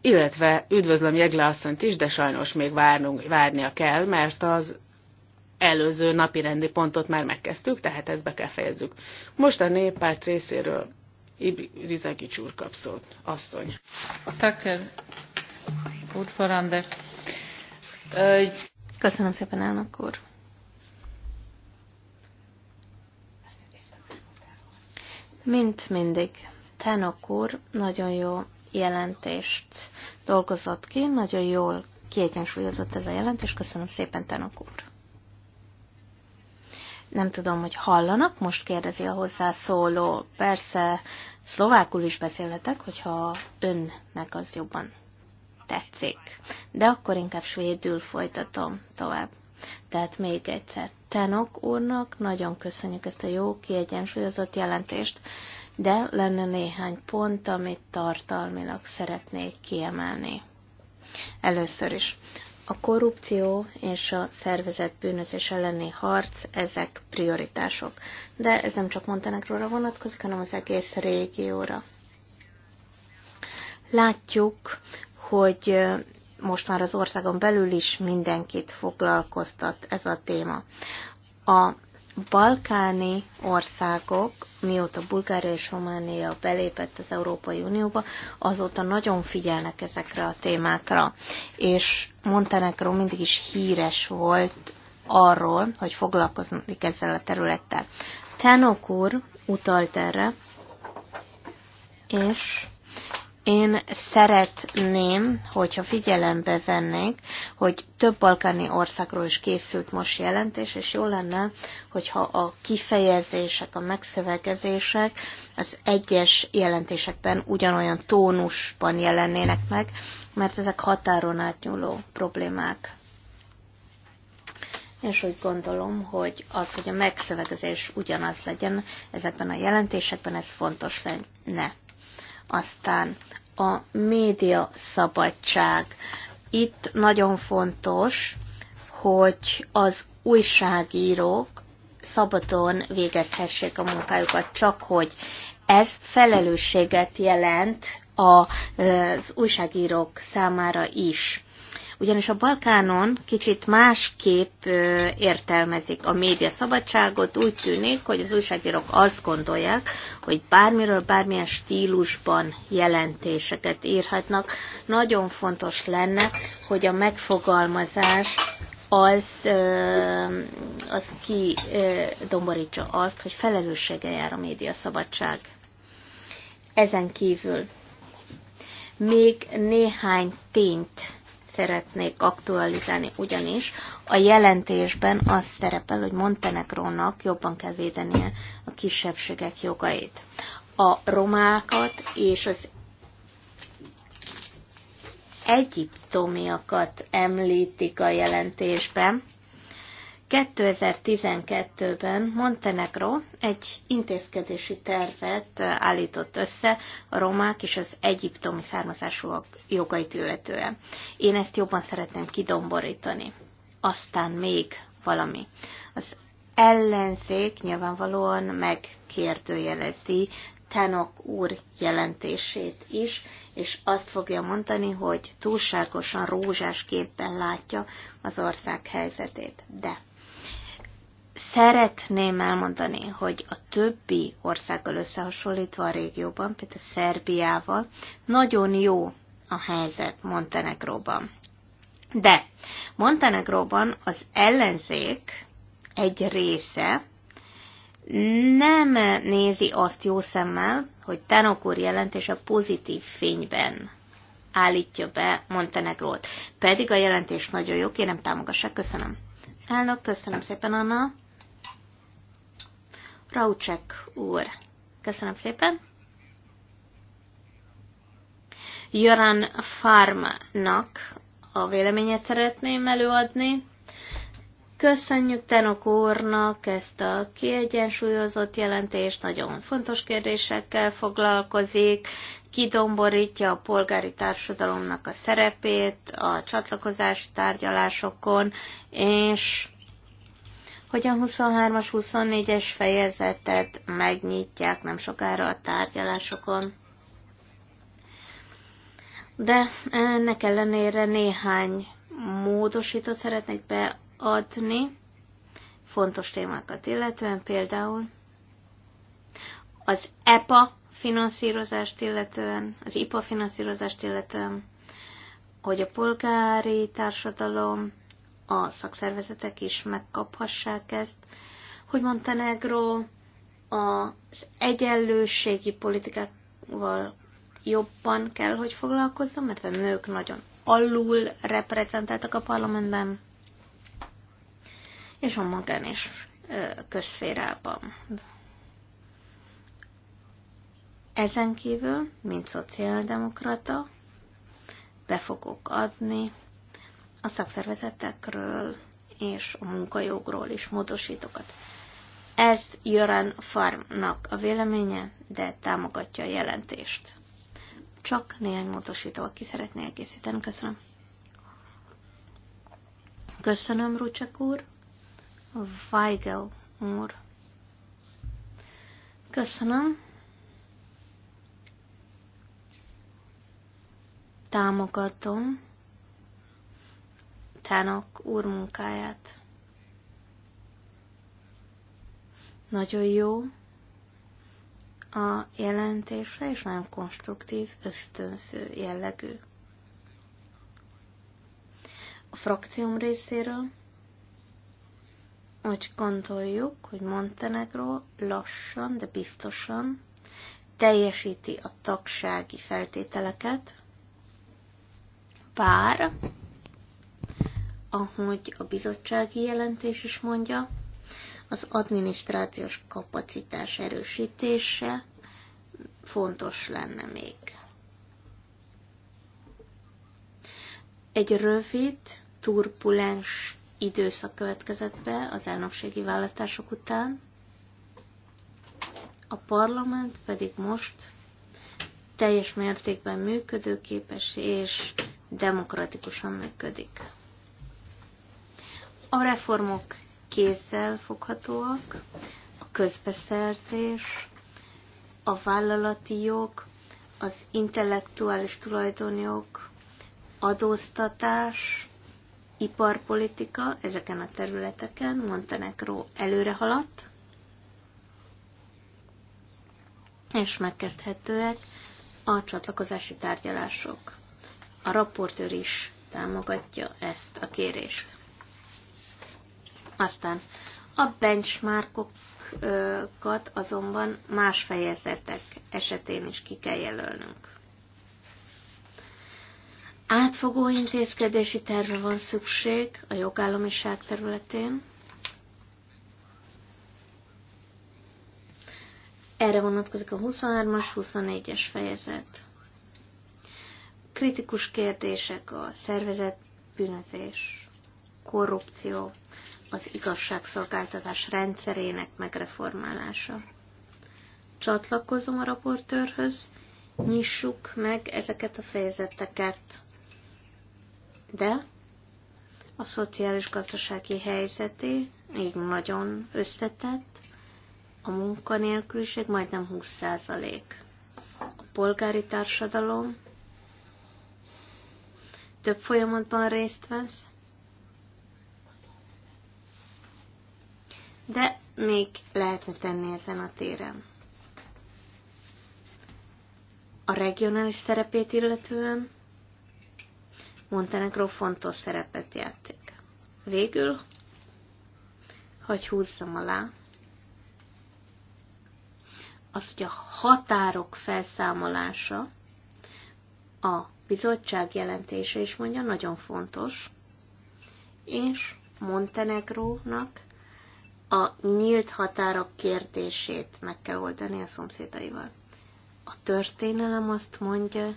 Illetve üdvözlöm Jegle asszonyt is, de sajnos még várnunk, várnia kell, mert az előző napi rendi pontot már megkezdtük, tehát ezt be kell fejezzük. Most a néppárt részéről Rizeki Csúr asszony. A Tucker Taker, úrfarande. Köszönöm szépen, elnök úr. Mint mindig, Tenok úr nagyon jó jelentést dolgozott ki, nagyon jól kiegyensúlyozott ez a jelentés. Köszönöm szépen, Tenok úr. Nem tudom, hogy hallanak, most kérdezi a hozzászóló. Persze, szlovákul is beszélhetek, hogyha önnek az jobban tetszik. De akkor inkább svédül folytatom tovább. Tehát még egyszer, Tenok úrnak nagyon köszönjük ezt a jó, kiegyensúlyozott jelentést, de lenne néhány pont, amit tartalmilag szeretnék kiemelni. Először is a korrupció és a szervezett bűnözés elleni harc, ezek prioritások. De ez nem csak Montenegróra vonatkozik, hanem az egész régióra. Látjuk, hogy most már az országon belül is mindenkit foglalkoztat ez a téma. A balkáni országok, mióta Bulgária és Románia belépett az Európai Unióba, azóta nagyon figyelnek ezekre a témákra. És Montenegro mindig is híres volt arról, hogy foglalkoznak ezzel a területtel. Tánok úr utalt erre, és én szeretném, hogyha figyelembe vennék, hogy több balkáni országról is készült most jelentés, és jó lenne, hogyha a kifejezések, a megszövegezések az egyes jelentésekben ugyanolyan tónusban jelennének meg, mert ezek határon átnyúló problémák. És úgy gondolom, hogy az, hogy a megszövegezés ugyanaz legyen ezekben a jelentésekben, ez fontos lenne. Aztán a média szabadság. Itt nagyon fontos, hogy az újságírók szabadon végezhessék a munkájukat, csak hogy ez felelősséget jelent az újságírók számára is ugyanis a Balkánon kicsit másképp értelmezik a média szabadságot. Úgy tűnik, hogy az újságírók azt gondolják, hogy bármiről, bármilyen stílusban jelentéseket írhatnak. Nagyon fontos lenne, hogy a megfogalmazás az, az domborítsa azt, hogy felelőssége jár a média szabadság. Ezen kívül még néhány tényt szeretnék aktualizálni, ugyanis a jelentésben az szerepel, hogy Montenegrónak jobban kell védenie a kisebbségek jogait. A romákat és az egyiptomiakat említik a jelentésben, 2012-ben Montenegro egy intézkedési tervet állított össze a romák és az egyiptomi származásúak jogait illetően. Én ezt jobban szeretném kidomborítani. Aztán még valami. Az ellenzék nyilvánvalóan megkérdőjelezi Tanok úr jelentését is, és azt fogja mondani, hogy túlságosan rózsás képben látja az ország helyzetét. De szeretném elmondani, hogy a többi országgal összehasonlítva a régióban, például Szerbiával, nagyon jó a helyzet Montenegróban. De Montenegróban az ellenzék egy része nem nézi azt jó szemmel, hogy Tanok úr jelentése pozitív fényben állítja be Montenegrót. Pedig a jelentés nagyon jó, kérem támogassák, köszönöm. Elnök, köszönöm szépen, Anna. Raucsek úr. Köszönöm szépen. Joran Farmnak a véleményét szeretném előadni. Köszönjük Tenok úrnak ezt a kiegyensúlyozott jelentést, nagyon fontos kérdésekkel foglalkozik, kidomborítja a polgári társadalomnak a szerepét a csatlakozási tárgyalásokon, és hogy a 23-as, 24-es fejezetet megnyitják nem sokára a tárgyalásokon. De ennek ellenére néhány módosítót szeretnék beadni, fontos témákat illetően, például az EPA finanszírozást illetően, az IPA finanszírozást illetően, hogy a polgári társadalom a szakszervezetek is megkaphassák ezt, hogy Montenegro az egyenlőségi politikával jobban kell, hogy foglalkozzon, mert a nők nagyon alul reprezentáltak a parlamentben, és a magán és közférában. Ezen kívül, mint szociáldemokrata, be fogok adni a szakszervezetekről és a munkajogról is módosítokat. Ez Jöran Farmnak a véleménye, de támogatja a jelentést. Csak néhány módosítóval ki szeretné egészíteni. Köszönöm. Köszönöm, Rucsek úr. Weigel úr. Köszönöm. Támogatom Tánok úr munkáját. Nagyon jó a jelentésre, és nagyon konstruktív, ösztönző jellegű. A frakcióm részéről úgy gondoljuk, hogy Montenegro lassan, de biztosan teljesíti a tagsági feltételeket, bár ahogy a bizottsági jelentés is mondja, az adminisztrációs kapacitás erősítése fontos lenne még. Egy rövid, turbulens időszak következett be az elnökségi választások után, a parlament pedig most teljes mértékben működőképes és demokratikusan működik. A reformok kézzel foghatóak, a közbeszerzés, a vállalati jog, az intellektuális tulajdonjog, adóztatás, iparpolitika ezeken a területeken Montenegro előre haladt, és megkezdhetőek a csatlakozási tárgyalások. A raportőr is támogatja ezt a kérést. Aztán a benchmarkokat azonban más fejezetek esetén is ki kell jelölnünk. Átfogó intézkedési tervre van szükség a jogállamiság területén. Erre vonatkozik a 23-as, 24-es fejezet. Kritikus kérdések a szervezet bűnözés, korrupció, az igazságszolgáltatás rendszerének megreformálása. Csatlakozom a raportőrhöz, nyissuk meg ezeket a fejezeteket. De a szociális gazdasági helyzeté még nagyon összetett, a munkanélküliség majdnem 20%. A polgári társadalom több folyamatban részt vesz, de még lehetne tenni ezen a téren. A regionális szerepét illetően Montenegro fontos szerepet játszik. Végül, hogy húzzam alá, az, hogy a határok felszámolása a bizottság jelentése is mondja, nagyon fontos, és Montenegrónak a nyílt határok kérdését meg kell oldani a szomszédaival. A történelem azt mondja,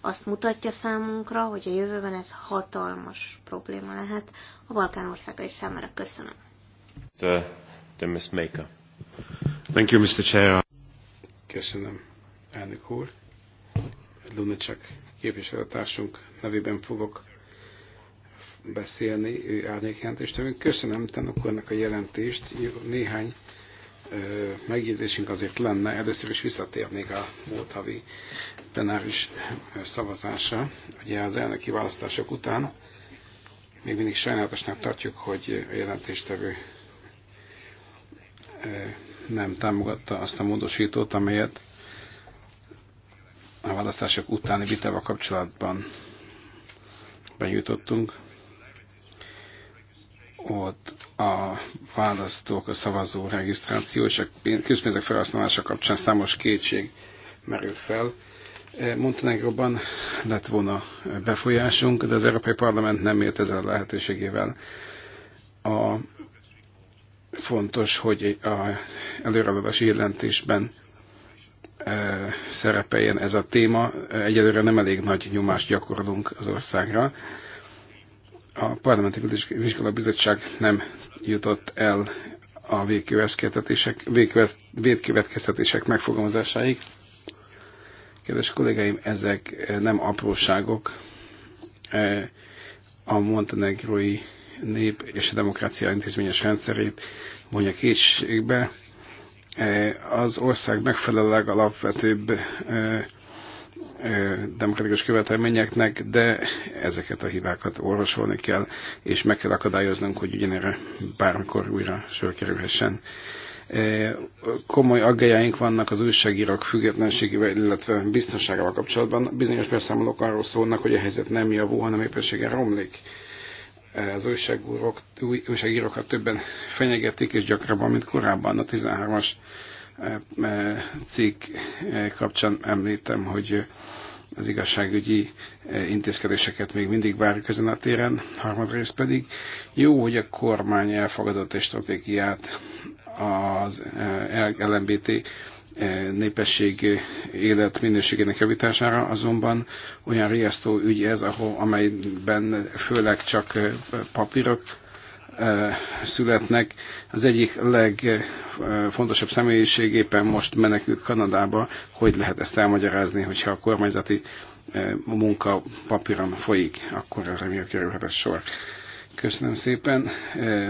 azt mutatja számunkra, hogy a jövőben ez hatalmas probléma lehet a Balkán országai számára. Köszönöm. The, uh, the Miss Maker. Thank you, Mr. Chair. Köszönöm, elnök úr. Lunacek képviselőtársunk nevében fogok beszélni, ő árnyékjelentéstevőnk. Köszönöm Tanok ennek a jelentést. Néhány megjegyzésünk azért lenne. Először is visszatérnék a múlt havi plenáris szavazása. Ugye az elnöki választások után még mindig sajnálatosnak tartjuk, hogy a jelentéstevő nem támogatta azt a módosítót, amelyet a választások utáni vitával kapcsolatban benyújtottunk ott a választók, a szavazó regisztráció és a közpénzek felhasználása kapcsán számos kétség merült fel. Montenegróban lett volna befolyásunk, de az Európai Parlament nem élt ezzel a lehetőségével. A fontos, hogy a előreadási jelentésben e, szerepeljen ez a téma. Egyelőre nem elég nagy nyomást gyakorlunk az országra a Parlamenti Vizsgálóbizottság nem jutott el a végkövetkeztetések, megfogalmazásáig. Kedves kollégáim, ezek nem apróságok. E, a montenegrói nép és a demokrácia intézményes rendszerét mondja kétségbe. E, az ország megfelelőleg alapvetőbb e, demokratikus követelményeknek, de ezeket a hibákat orvosolni kell, és meg kell akadályoznunk, hogy ugyanerre bármikor újra sor kerülhessen. Komoly aggájaink vannak az újságírók függetlenségével, illetve biztonságával kapcsolatban. Bizonyos beszámolók arról szólnak, hogy a helyzet nem javul, hanem éppenséggel romlik. Az újságírók, új, újságírókat többen fenyegetik, és gyakrabban, mint korábban a 13-as cikk kapcsán említem, hogy az igazságügyi intézkedéseket még mindig várjuk ezen a téren. Harmadrészt pedig jó, hogy a kormány elfogadott egy stratégiát az LMBT népesség életminőségének javítására, azonban olyan riasztó ügy ez, ahol, amelyben főleg csak papírok születnek. Az egyik legfontosabb személyiség éppen most menekült Kanadába. Hogy lehet ezt elmagyarázni, hogyha a kormányzati munka papíron folyik, akkor erre miért kerülhet ez sor? Köszönöm szépen,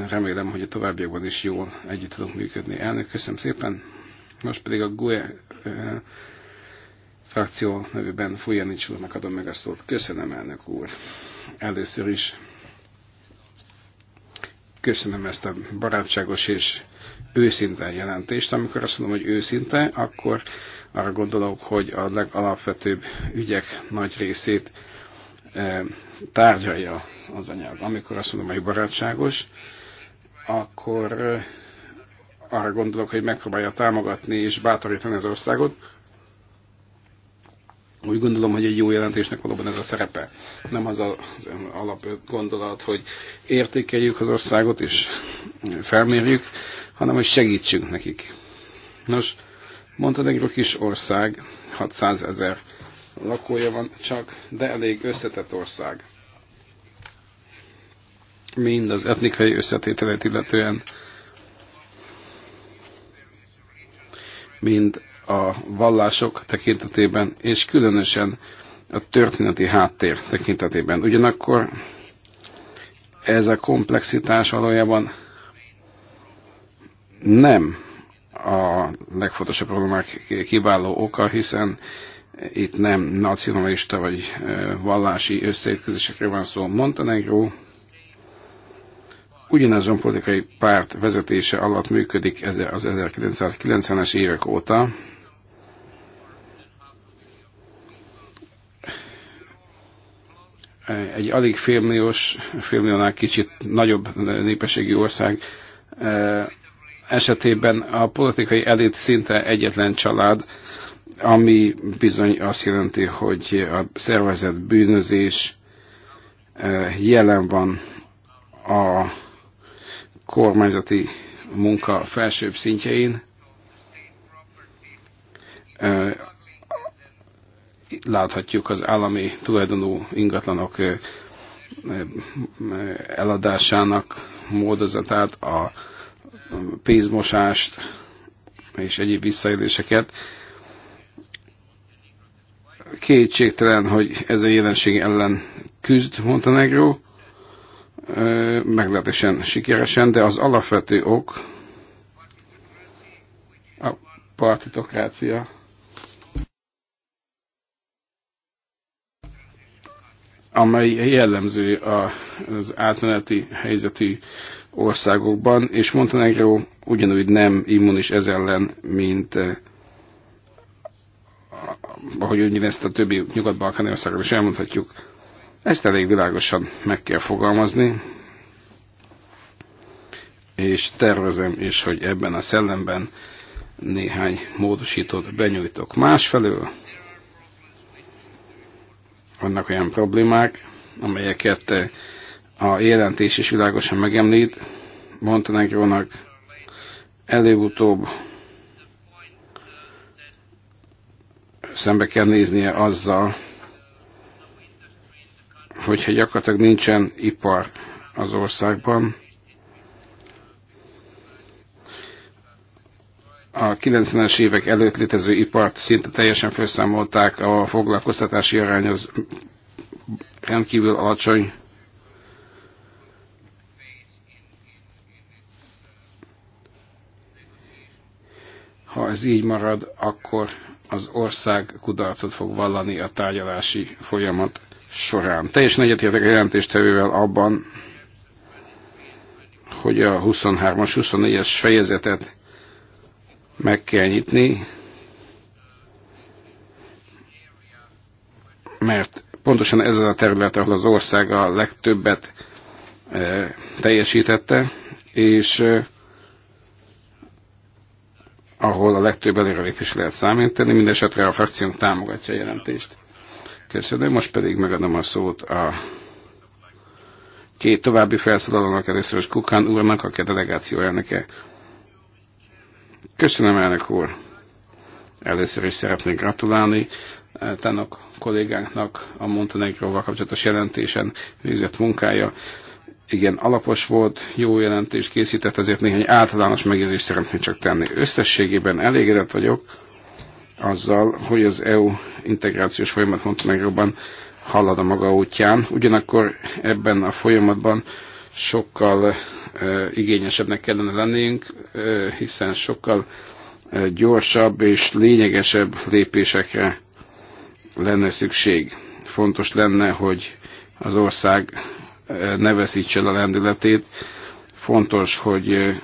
remélem, hogy a továbbiakban is jól együtt tudunk működni. Elnök, köszönöm szépen. Most pedig a GUE frakció nevében Fujanics úrnak adom meg a szót. Köszönöm, elnök úr. Először is köszönöm ezt a barátságos és őszinte jelentést. Amikor azt mondom, hogy őszinte, akkor arra gondolok, hogy a legalapvetőbb ügyek nagy részét e, tárgyalja az anyag. Amikor azt mondom, hogy barátságos, akkor e, arra gondolok, hogy megpróbálja támogatni és bátorítani az országot, úgy gondolom, hogy egy jó jelentésnek valóban ez a szerepe. Nem az a, az alap gondolat, hogy értékeljük az országot és felmérjük, hanem hogy segítsünk nekik. Nos, Montenegro kis ország, 600 ezer lakója van csak, de elég összetett ország. Mind az etnikai összetételét illetően, mind a vallások tekintetében, és különösen a történeti háttér tekintetében. Ugyanakkor ez a komplexitás valójában nem a legfontosabb problémák kiváló oka, hiszen itt nem nacionalista vagy vallási összeütközésekre van szó. Montenegro ugyanazon politikai párt vezetése alatt működik az 1990-es évek óta, egy alig félmilliós, félmilliónál kicsit nagyobb népességű ország e, esetében a politikai elit szinte egyetlen család, ami bizony azt jelenti, hogy a szervezet bűnözés e, jelen van a kormányzati munka felsőbb szintjein, e, láthatjuk az állami tulajdonú ingatlanok eladásának módozatát, a pénzmosást és egyéb visszaéléseket. Kétségtelen, hogy ez a jelenség ellen küzd Montenegro, meglehetősen sikeresen, de az alapvető ok a partitokrácia, amely jellemző az átmeneti helyzetű országokban, és Montenegro ugyanúgy nem immunis ez ellen, mint eh, ahogy úgy ezt a többi nyugat-balkáni országról is elmondhatjuk. Ezt elég világosan meg kell fogalmazni, és tervezem is, hogy ebben a szellemben néhány módosítót benyújtok. Másfelől vannak olyan problémák, amelyeket eh, a jelentés is világosan megemlít. Montenegrónak előbb-utóbb szembe kell néznie azzal, hogyha gyakorlatilag nincsen ipar az országban, a 90-es évek előtt létező ipart szinte teljesen felszámolták, a foglalkoztatási arány az rendkívül alacsony. Ha ez így marad, akkor az ország kudarcot fog vallani a tárgyalási folyamat során. Teljes negyedértek a jelentéstevővel abban, hogy a 23-as, 24-es fejezetet meg kell nyitni, mert pontosan ez az a terület, ahol az ország a legtöbbet e, teljesítette, és e, ahol a legtöbb előrelépés lehet számítani, mindesetre a frakciónk támogatja a jelentést. Köszönöm, most pedig megadom a szót a két további felszólalónak, először is Kukán úrnak, aki a delegáció elnöke Köszönöm, elnök úr. Először is szeretnék gratulálni eh, Tánok kollégánknak a Montenegróval kapcsolatos jelentésen végzett munkája. Igen, alapos volt, jó jelentés készített, ezért néhány általános megjegyzést szeretnék csak tenni. Összességében elégedett vagyok azzal, hogy az EU integrációs folyamat Montenegróban hallad a maga útján. Ugyanakkor ebben a folyamatban sokkal igényesebbnek kellene lennünk, hiszen sokkal gyorsabb és lényegesebb lépésekre lenne szükség. Fontos lenne, hogy az ország ne veszítse a lendületét. Fontos, hogy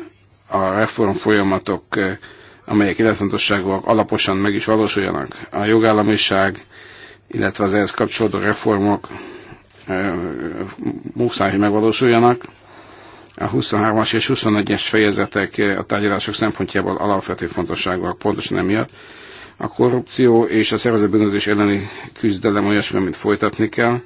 a reform folyamatok, amelyek életfontosságúak, alaposan meg is valósuljanak. A jogállamiság, illetve az ehhez kapcsolódó reformok muszáj, hogy megvalósuljanak a 23-as és 21-es fejezetek eh, a tárgyalások szempontjából alapvető fontosságúak pontosan emiatt. A korrupció és a szervezett bűnözés elleni küzdelem olyasmi, amit folytatni kell,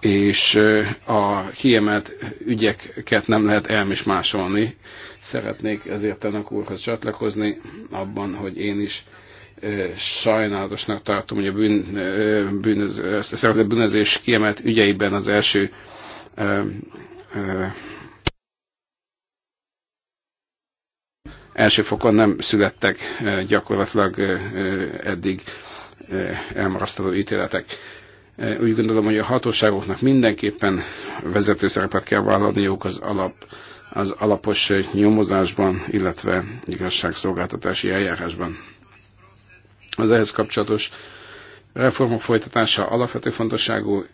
és eh, a kiemelt ügyeket nem lehet elmismásolni. Szeretnék ezért ennek úrhoz csatlakozni abban, hogy én is eh, sajnálatosnak tartom, hogy a bűn, bűnöz, szervezett bűnözés kiemelt ügyeiben az első első fokon nem születtek gyakorlatilag eddig elmarasztaló ítéletek. Úgy gondolom, hogy a hatóságoknak mindenképpen vezető szerepet kell vállalniuk az, alap, az alapos nyomozásban, illetve igazságszolgáltatási eljárásban. Az ehhez kapcsolatos reformok folytatása alapvető fontosságú,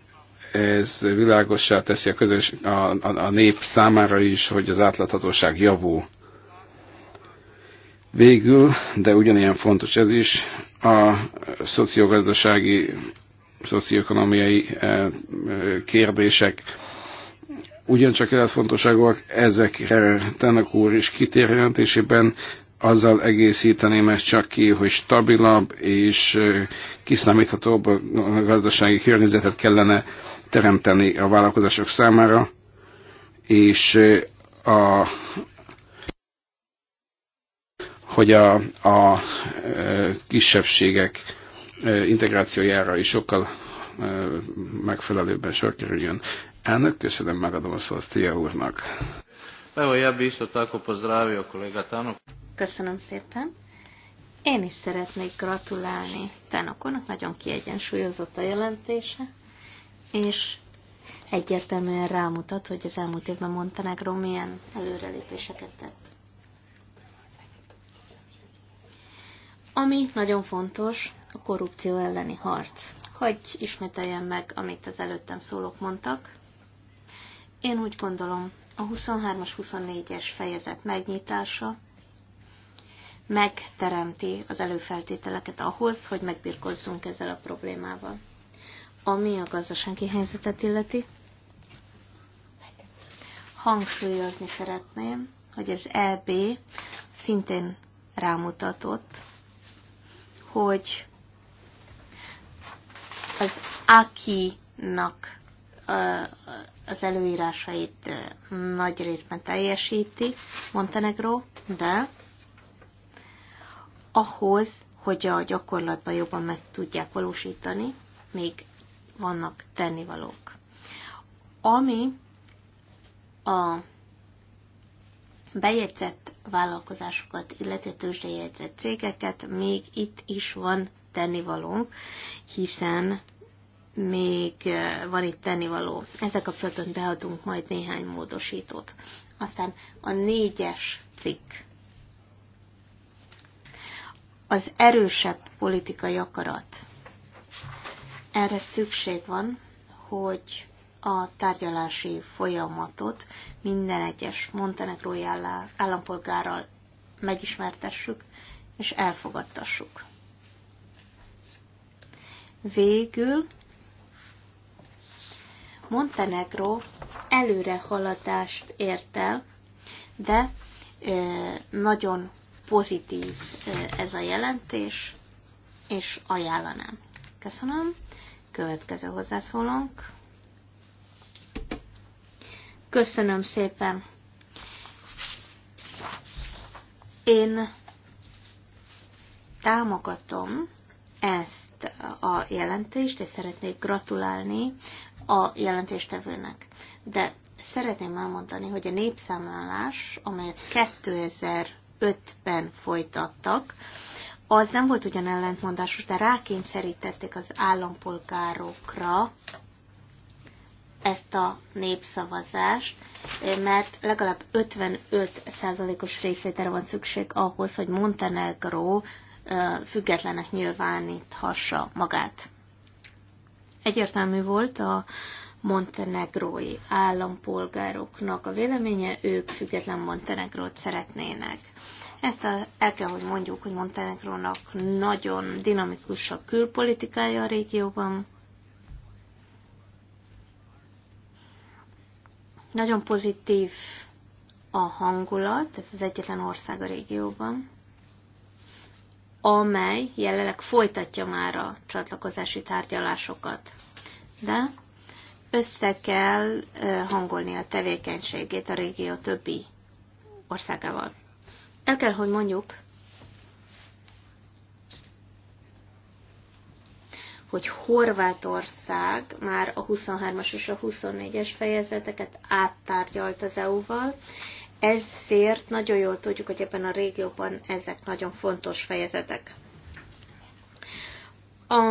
ez világossá teszi a, közös, a, a, a nép számára is, hogy az átláthatóság javul. Végül, de ugyanilyen fontos ez is, a szociogazdasági, szocioekonomiai e, e, kérdések ugyancsak életfontosságúak, ezekre Tenek úr is kitér jelentésében, azzal egészíteném ezt csak ki, hogy stabilabb és e, kiszámíthatóbb gazdasági környezetet kellene teremteni a vállalkozások számára, és a, hogy a, a kisebbségek integrációjára is sokkal megfelelőbben sor kerüljön. Elnök, köszönöm, megadom a szót Tia úrnak. Tanok. Köszönöm szépen. Én is szeretnék gratulálni Tanokonak, nagyon kiegyensúlyozott a jelentése és egyértelműen rámutat, hogy az elmúlt évben Montenegro milyen előrelépéseket tett. Ami nagyon fontos, a korrupció elleni harc. Hogy ismételjem meg, amit az előttem szólók mondtak. Én úgy gondolom, a 23-as, 24-es fejezet megnyitása megteremti az előfeltételeket ahhoz, hogy megbirkozzunk ezzel a problémával. Ami a gazdasági helyzetet illeti, hangsúlyozni szeretném, hogy az EB szintén rámutatott, hogy az AKI-nak az előírásait nagy részben teljesíti Montenegro, de ahhoz, hogy a gyakorlatban jobban meg tudják valósítani, még vannak tennivalók. Ami a bejegyzett vállalkozásokat, illetve tőzsdejegyzett cégeket, még itt is van tennivalónk, hiszen még eh, van itt tennivaló. Ezzel kapcsolatban beadunk majd néhány módosítót. Aztán a négyes cikk. Az erősebb politikai akarat. Erre szükség van, hogy a tárgyalási folyamatot minden egyes montenegrói állampolgárral megismertessük és elfogadtassuk. Végül Montenegro előrehaladást ért el, de nagyon pozitív ez a jelentés, és ajánlanám. Köszönöm. Következő hozzászólónk. Köszönöm szépen. Én támogatom ezt a jelentést, és szeretnék gratulálni a jelentéstevőnek. De szeretném elmondani, hogy a népszámlálás, amelyet 2005-ben folytattak, az nem volt ugyan ellentmondásos, de rákényszerítették az állampolgárokra ezt a népszavazást, mert legalább 55%-os részvételre van szükség ahhoz, hogy Montenegro függetlenek nyilváníthassa magát. Egyértelmű volt a montenegrói állampolgároknak a véleménye, ők független Montenegrót szeretnének. Ezt el kell, hogy mondjuk, hogy Montenegrónak nagyon dinamikus a külpolitikája a régióban. Nagyon pozitív a hangulat, ez az egyetlen ország a régióban, amely jelenleg folytatja már a csatlakozási tárgyalásokat. De össze kell hangolni a tevékenységét a régió többi országával. El kell, hogy mondjuk, hogy Horvátország már a 23-as és a 24-es fejezeteket áttárgyalt az EU-val, ezért nagyon jól tudjuk, hogy ebben a régióban ezek nagyon fontos fejezetek. A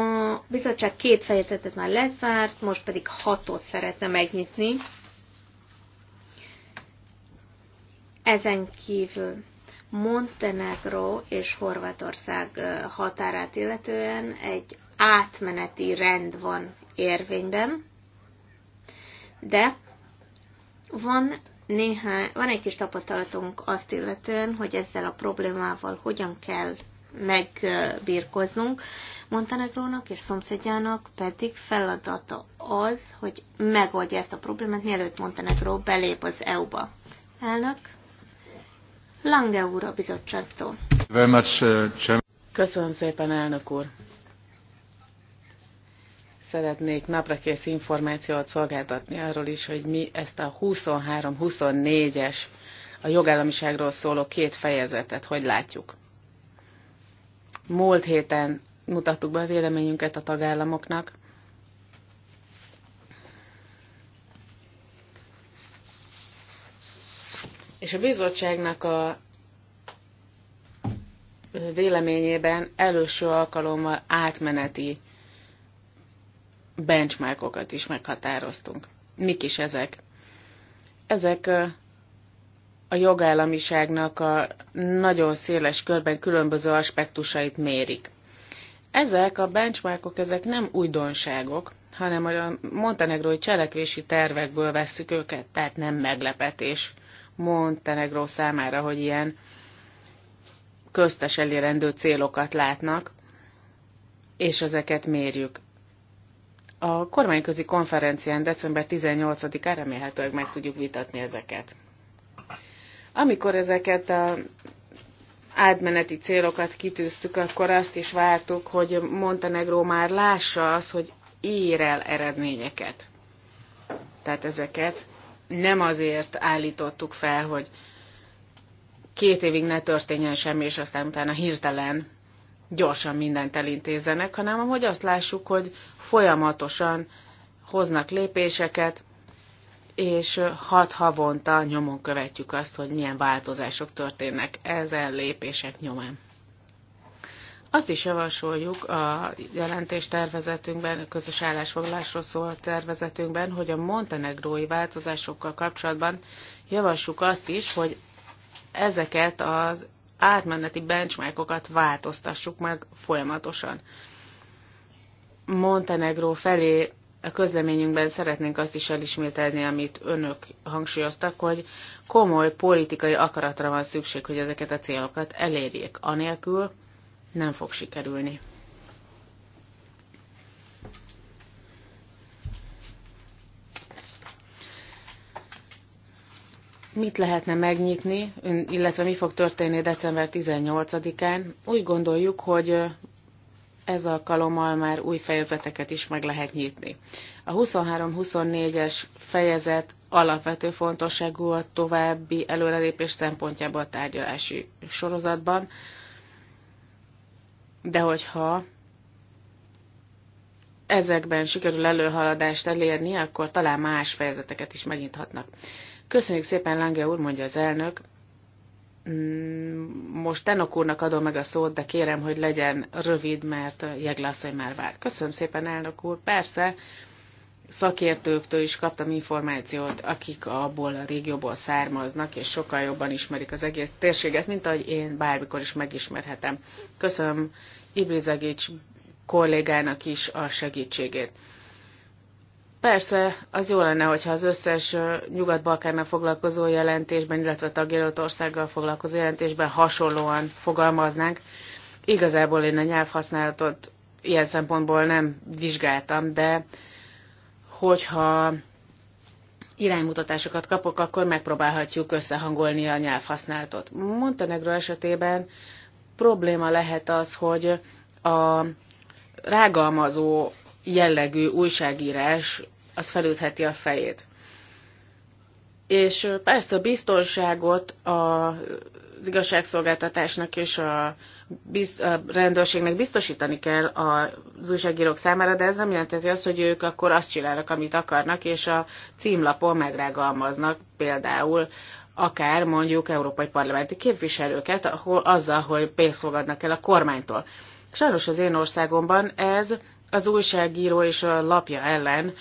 bizottság két fejezetet már lezárt, most pedig hatot szeretne megnyitni. Ezen kívül Montenegro és Horvátország határát illetően egy átmeneti rend van érvényben, de van néhány, van egy kis tapasztalatunk azt illetően, hogy ezzel a problémával hogyan kell megbírkoznunk. Montenegrónak és szomszédjának pedig feladata az, hogy megoldja ezt a problémát, mielőtt Montenegró belép az EU-ba. Elnök. Lange úr a bizottságtól. Very much, uh, Köszönöm szépen, elnök úr. Szeretnék naprakész információt szolgáltatni arról is, hogy mi ezt a 23-24-es a jogállamiságról szóló két fejezetet hogy látjuk. Múlt héten mutattuk be a véleményünket a tagállamoknak, És a bizottságnak a véleményében előső alkalommal átmeneti benchmarkokat is meghatároztunk. Mik is ezek? Ezek a jogállamiságnak a nagyon széles körben különböző aspektusait mérik. Ezek a benchmarkok, ezek nem újdonságok, hanem a montenegrói cselekvési tervekből vesszük őket, tehát nem meglepetés Montenegró számára, hogy ilyen köztes elérendő célokat látnak, és ezeket mérjük. A kormányközi konferencián december 18-án remélhetőleg meg tudjuk vitatni ezeket. Amikor ezeket a átmeneti célokat kitűztük, akkor azt is vártuk, hogy Montenegró már lássa az, hogy ér el eredményeket. Tehát ezeket nem azért állítottuk fel, hogy két évig ne történjen semmi, és aztán utána hirtelen gyorsan mindent elintézzenek, hanem ahogy azt lássuk, hogy folyamatosan hoznak lépéseket, és hat havonta nyomon követjük azt, hogy milyen változások történnek ezen lépések nyomán. Azt is javasoljuk a jelentés tervezetünkben, a közös állásfoglalásról szól tervezetünkben, hogy a montenegrói változásokkal kapcsolatban javassuk azt is, hogy ezeket az átmeneti benchmarkokat változtassuk meg folyamatosan. Montenegró felé a közleményünkben szeretnénk azt is elismételni, amit önök hangsúlyoztak, hogy komoly politikai akaratra van szükség, hogy ezeket a célokat elérjék. Anélkül, nem fog sikerülni. mit lehetne megnyitni, illetve mi fog történni december 18-án. Úgy gondoljuk, hogy ez alkalommal már új fejezeteket is meg lehet nyitni. A 23-24-es fejezet alapvető fontosságú a további előrelépés szempontjából a tárgyalási sorozatban de hogyha ezekben sikerül előhaladást elérni, akkor talán más fejezeteket is megnyithatnak. Köszönjük szépen, Lange úr, mondja az elnök. Mm, most Tenok úrnak adom meg a szót, de kérem, hogy legyen rövid, mert Jeglasszony már vár. Köszönöm szépen, elnök úr. Persze, szakértőktől is kaptam információt, akik abból a régióból származnak, és sokkal jobban ismerik az egész térséget, mint ahogy én bármikor is megismerhetem. Köszönöm Ibrizagics kollégának is a segítségét. Persze, az jó lenne, hogyha az összes Nyugat-Balkánnal foglalkozó jelentésben, illetve tagjelölt országgal foglalkozó jelentésben hasonlóan fogalmaznánk. Igazából én a nyelvhasználatot ilyen szempontból nem vizsgáltam, de hogyha iránymutatásokat kapok, akkor megpróbálhatjuk összehangolni a nyelvhasználatot. Montenegro esetében probléma lehet az, hogy a rágalmazó jellegű újságírás az felütheti a fejét. És persze a biztonságot az igazságszolgáltatásnak és a, rendőrségnek biztosítani kell az újságírók számára, de ez nem jelenti azt, hogy ők akkor azt csinálnak, amit akarnak, és a címlapon megrágalmaznak például akár mondjuk európai parlamenti képviselőket ahol, azzal, hogy pénzt fogadnak el a kormánytól. Sajnos az én országomban ez az újságíró és a lapja ellen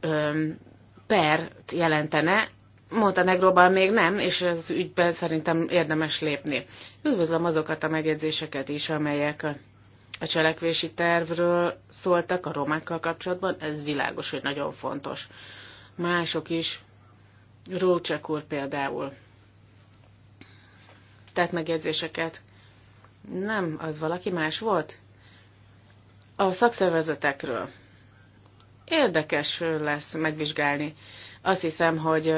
öm, pert jelentene, Montenegróban még nem, és ez ügyben szerintem érdemes lépni. Üdvözlöm azokat a megjegyzéseket is, amelyek a cselekvési tervről szóltak a romákkal kapcsolatban, ez világos, hogy nagyon fontos. Mások is, Rócsek úr például, tett megjegyzéseket. Nem, az valaki más volt? A szakszervezetekről. Érdekes lesz megvizsgálni azt hiszem, hogy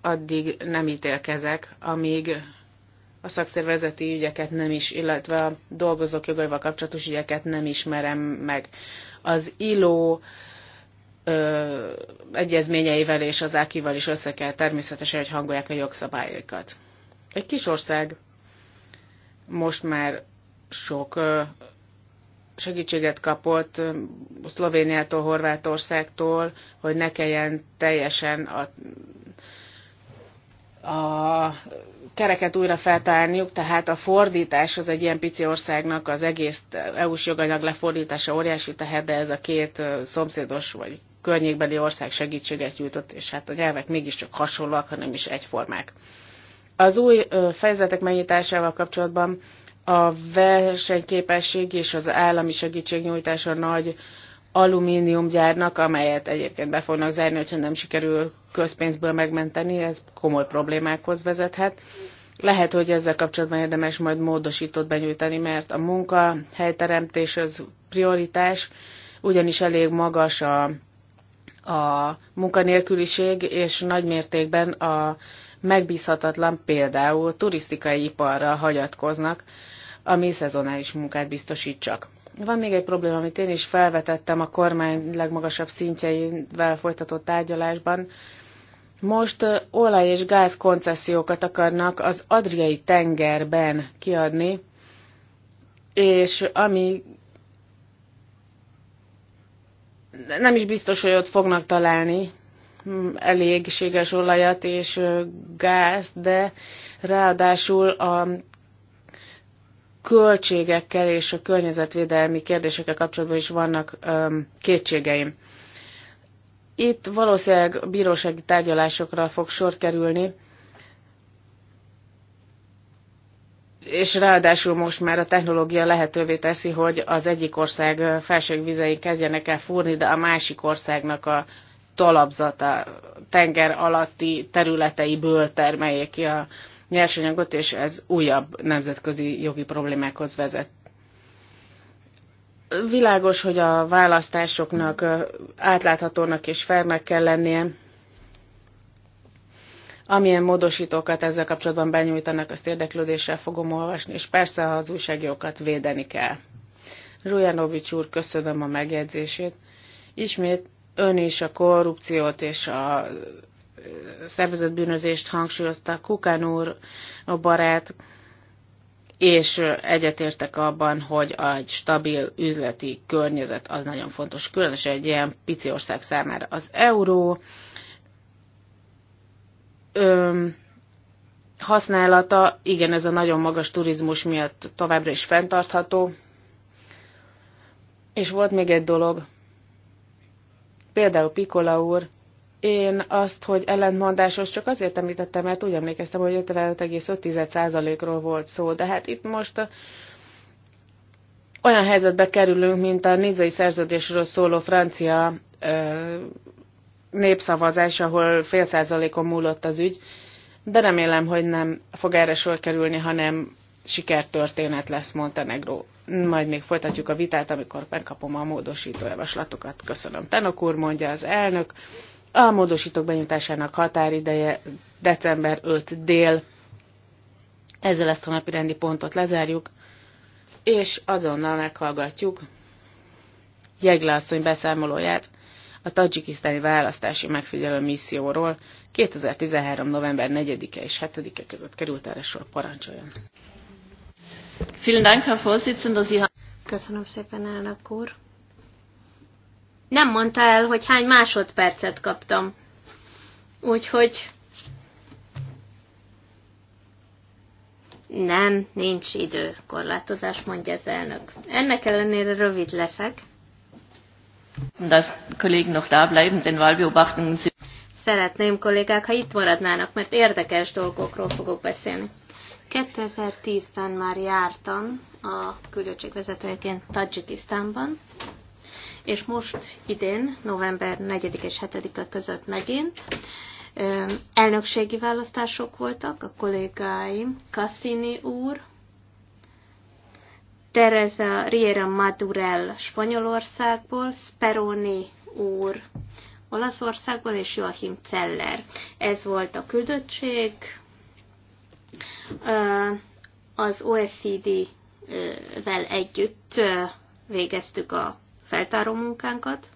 addig nem ítélkezek, amíg a szakszervezeti ügyeket nem is, illetve a dolgozók jogaival kapcsolatos ügyeket nem ismerem meg. Az ILO ö, egyezményeivel és az ákival is össze kell természetesen, hogy hangolják a jogszabályokat. Egy kis ország most már sok ö, segítséget kapott Szlovéniától, Horvátországtól, hogy ne kelljen teljesen a, a kereket újra feltárniuk, tehát a fordítás az egy ilyen pici országnak az egész EU-s joganyag lefordítása óriási teher, de ez a két szomszédos vagy környékbeli ország segítséget nyújtott, és hát a nyelvek mégiscsak hasonlóak, hanem is egyformák. Az új fejezetek megnyitásával kapcsolatban a versenyképesség és az állami segítségnyújtás a nagy alumíniumgyárnak, amelyet egyébként be fognak zárni, hogyha nem sikerül közpénzből megmenteni, ez komoly problémákhoz vezethet. Lehet, hogy ezzel kapcsolatban érdemes majd módosítót benyújtani, mert a munka helyteremtés az prioritás, ugyanis elég magas a, a munkanélküliség, és nagy mértékben a megbízhatatlan például turisztikai iparra hagyatkoznak, ami szezonális munkát biztosítsak. Van még egy probléma, amit én is felvetettem a kormány legmagasabb szintjeivel folytatott tárgyalásban. Most olaj- és gáz koncesziókat akarnak az Adriai tengerben kiadni, és ami nem is biztos, hogy ott fognak találni elégséges olajat és gáz, de ráadásul a költségekkel és a környezetvédelmi kérdésekkel kapcsolatban is vannak um, kétségeim. Itt valószínűleg bírósági tárgyalásokra fog sor kerülni, és ráadásul most már a technológia lehetővé teszi, hogy az egyik ország felségvizein kezdjenek el fúrni, de a másik országnak a talapzata, tenger alatti területeiből termeljék ki a nyersanyagot, és ez újabb nemzetközi jogi problémákhoz vezet. Világos, hogy a választásoknak átláthatónak és fernek kell lennie, amilyen módosítókat ezzel kapcsolatban benyújtanak, azt érdeklődéssel fogom olvasni, és persze az újságjókat védeni kell. Rujanovics úr, köszönöm a megjegyzését. Ismét ön is a korrupciót és a szervezetbűnözést hangsúlyozta Kukán úr, a barát, és egyetértek abban, hogy egy stabil üzleti környezet az nagyon fontos, különösen egy ilyen pici ország számára. Az euró öm, használata, igen, ez a nagyon magas turizmus miatt továbbra is fenntartható. És volt még egy dolog. Például Pikola úr én azt, hogy ellentmondásos, csak azért említettem, mert úgy emlékeztem, hogy 55,5%-ról volt szó, de hát itt most olyan helyzetbe kerülünk, mint a nizai szerződésről szóló francia népszavazás, ahol fél százalékon múlott az ügy, de remélem, hogy nem fog erre sor kerülni, hanem sikertörténet lesz Montenegro. Majd még folytatjuk a vitát, amikor megkapom a módosító javaslatokat. Köszönöm. Tenok úr, mondja az elnök. A módosítók benyújtásának határideje december 5 dél. Ezzel ezt a napi rendi pontot lezárjuk, és azonnal meghallgatjuk Jeglászony beszámolóját a tajikisztáni választási megfigyelő misszióról 2013. november 4-e és 7-e között került erre sor parancsoljon. Köszönöm szépen, elnök úr! nem mondta el, hogy hány másodpercet kaptam. Úgyhogy nem, nincs idő, korlátozás mondja az elnök. Ennek ellenére rövid leszek. Szeretném kollégák, ha itt maradnának, mert érdekes dolgokról fogok beszélni. 2010-ben már jártam a küldöttség vezetőjeként Tajikisztánban, és most idén, november 4 és 7-e között megint elnökségi választások voltak, a kollégáim Cassini úr, Teresa Riera Madurell Spanyolországból, Speroni úr Olaszországból, és Joachim Zeller. Ez volt a küldöttség. Az OECD-vel együtt végeztük a feltáró munkánkat,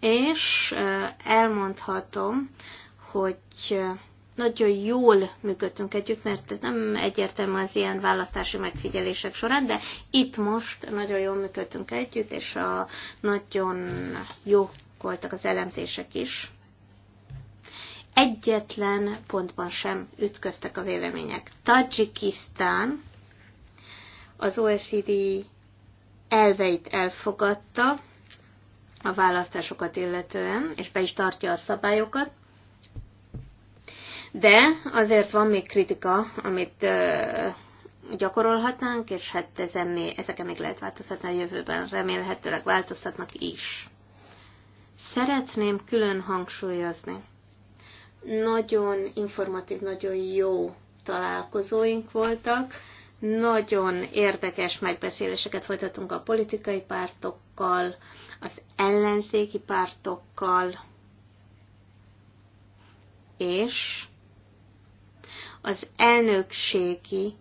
és elmondhatom, hogy nagyon jól működtünk együtt, mert ez nem egyértelmű az ilyen választási megfigyelések során, de itt most nagyon jól működtünk együtt, és a nagyon jó voltak az elemzések is. Egyetlen pontban sem ütköztek a vélemények. Tajikisztán az OECD elveit elfogadta a választásokat illetően, és be is tartja a szabályokat. De azért van még kritika, amit gyakorolhatnánk, és hát ezen még, ezeken még lehet változtatni a jövőben, remélhetőleg változtatnak is. Szeretném külön hangsúlyozni. Nagyon informatív, nagyon jó találkozóink voltak, nagyon érdekes megbeszéléseket folytatunk a politikai pártokkal, az ellenzéki pártokkal, és az elnökségi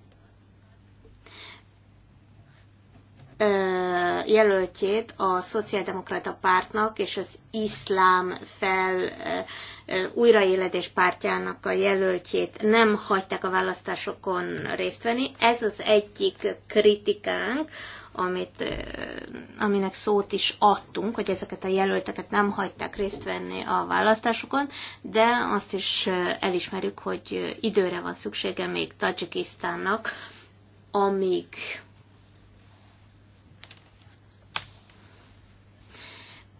jelöltjét a Szociáldemokrata Pártnak és az iszlám fel újraéledés pártjának a jelöltjét nem hagyták a választásokon részt venni. Ez az egyik kritikánk, amit, aminek szót is adtunk, hogy ezeket a jelölteket nem hagyták részt venni a választásokon, de azt is elismerjük, hogy időre van szüksége még Tajikisztánnak, amíg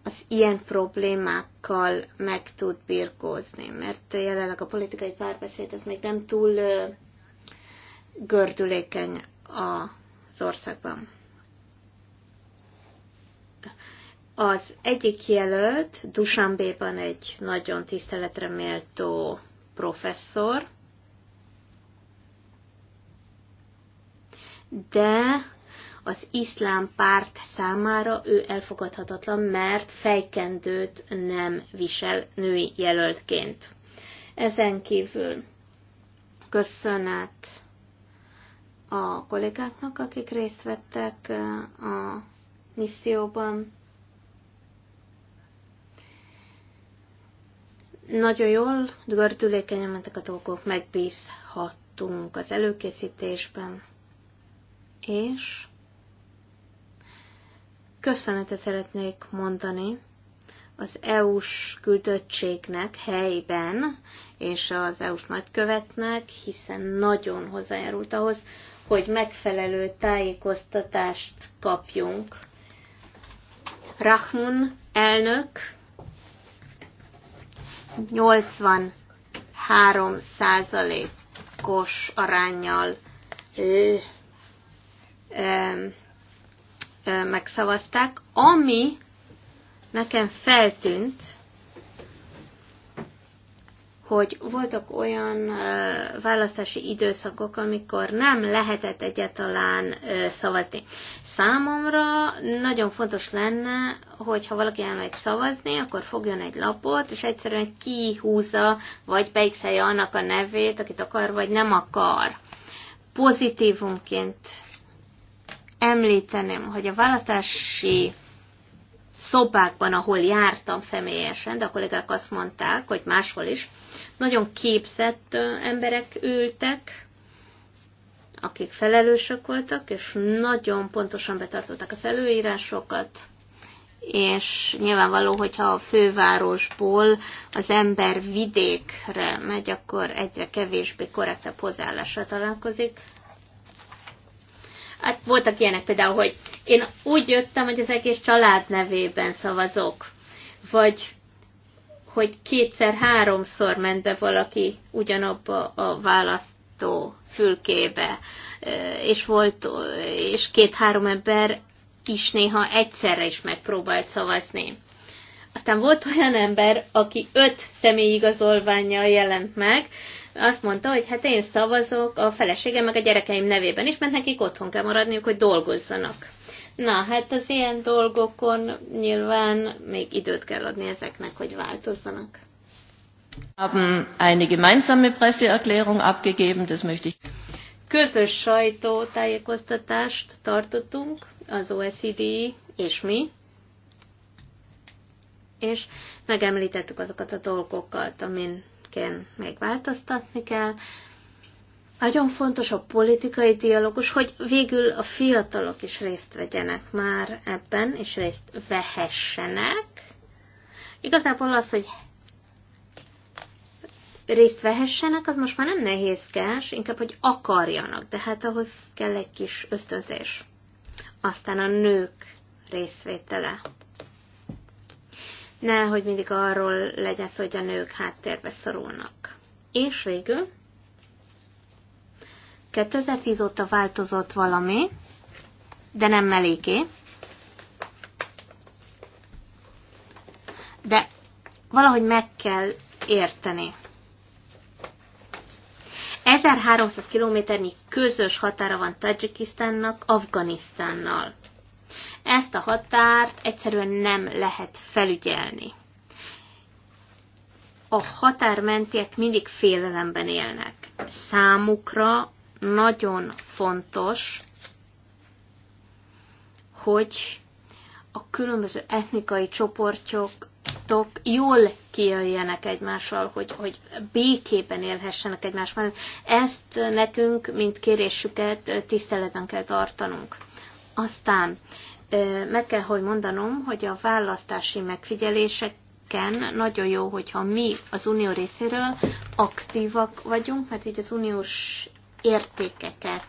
az ilyen problémákkal meg tud birkózni, mert jelenleg a politikai párbeszéd ez még nem túl gördülékeny az országban. Az egyik jelölt Dusanbéban egy nagyon tiszteletre méltó professzor, de az iszlám párt számára ő elfogadhatatlan, mert fejkendőt nem visel női jelöltként. Ezen kívül köszönet a kollégáknak, akik részt vettek eh, a misszióban. Nagyon jól, gördülékenyen mentek a dolgok, megbízhattunk az előkészítésben, és Köszönetet szeretnék mondani az EU-s küldöttségnek helyben, és az EU-s nagykövetnek, hiszen nagyon hozzájárult ahhoz, hogy megfelelő tájékoztatást kapjunk. Rahmun elnök 83 százalékos arányjal megszavazták, ami nekem feltűnt, hogy voltak olyan választási időszakok, amikor nem lehetett egyáltalán szavazni. Számomra nagyon fontos lenne, hogy ha valaki elmegy szavazni, akkor fogjon egy lapot, és egyszerűen kihúzza, vagy beigszelje annak a nevét, akit akar, vagy nem akar. Pozitívumként említeném, hogy a választási szobákban, ahol jártam személyesen, de a kollégák azt mondták, hogy máshol is, nagyon képzett emberek ültek, akik felelősök voltak, és nagyon pontosan betartották az előírásokat, és nyilvánvaló, hogyha a fővárosból az ember vidékre megy, akkor egyre kevésbé korrektebb hozzáállásra találkozik, Hát voltak ilyenek például, hogy én úgy jöttem, hogy az egész család nevében szavazok, vagy hogy kétszer-háromszor ment be valaki ugyanabba a választó fülkébe, és volt, és két-három ember is néha egyszerre is megpróbált szavazni. Aztán volt olyan ember, aki öt személyigazolványjal jelent meg, azt mondta, hogy hát én szavazok a feleségem meg a gyerekeim nevében is, mert nekik otthon kell maradniuk, hogy dolgozzanak. Na, hát az ilyen dolgokon nyilván még időt kell adni ezeknek, hogy változzanak. Haben eine gemeinsame Presseerklärung abgegeben, das möchte ich. Közös sajtótájékoztatást tartottunk az OECD és mi, és megemlítettük azokat a dolgokat, amin egyébként még változtatni kell. Nagyon fontos a politikai dialógus, hogy végül a fiatalok is részt vegyenek már ebben, és részt vehessenek. Igazából az, hogy részt vehessenek, az most már nem nehézkes, inkább, hogy akarjanak, de hát ahhoz kell egy kis ösztönzés. Aztán a nők részvétele hogy mindig arról legyen szó, hogy a nők háttérbe szorulnak. És végül 2010 óta változott valami, de nem meléké. De valahogy meg kell érteni. 1300 kilométernyi közös határa van Tajikisztánnak, Afganisztánnal. Ezt a határt egyszerűen nem lehet felügyelni. A határmentiek mindig félelemben élnek. Számukra nagyon fontos, hogy a különböző etnikai csoportok jól kijöjjenek egymással, hogy, hogy békében élhessenek egymás mellett. Ezt nekünk, mint kérésüket tiszteletben kell tartanunk. Aztán meg kell, hogy mondanom, hogy a választási megfigyeléseken nagyon jó, hogyha mi az unió részéről aktívak vagyunk, mert így az uniós értékeket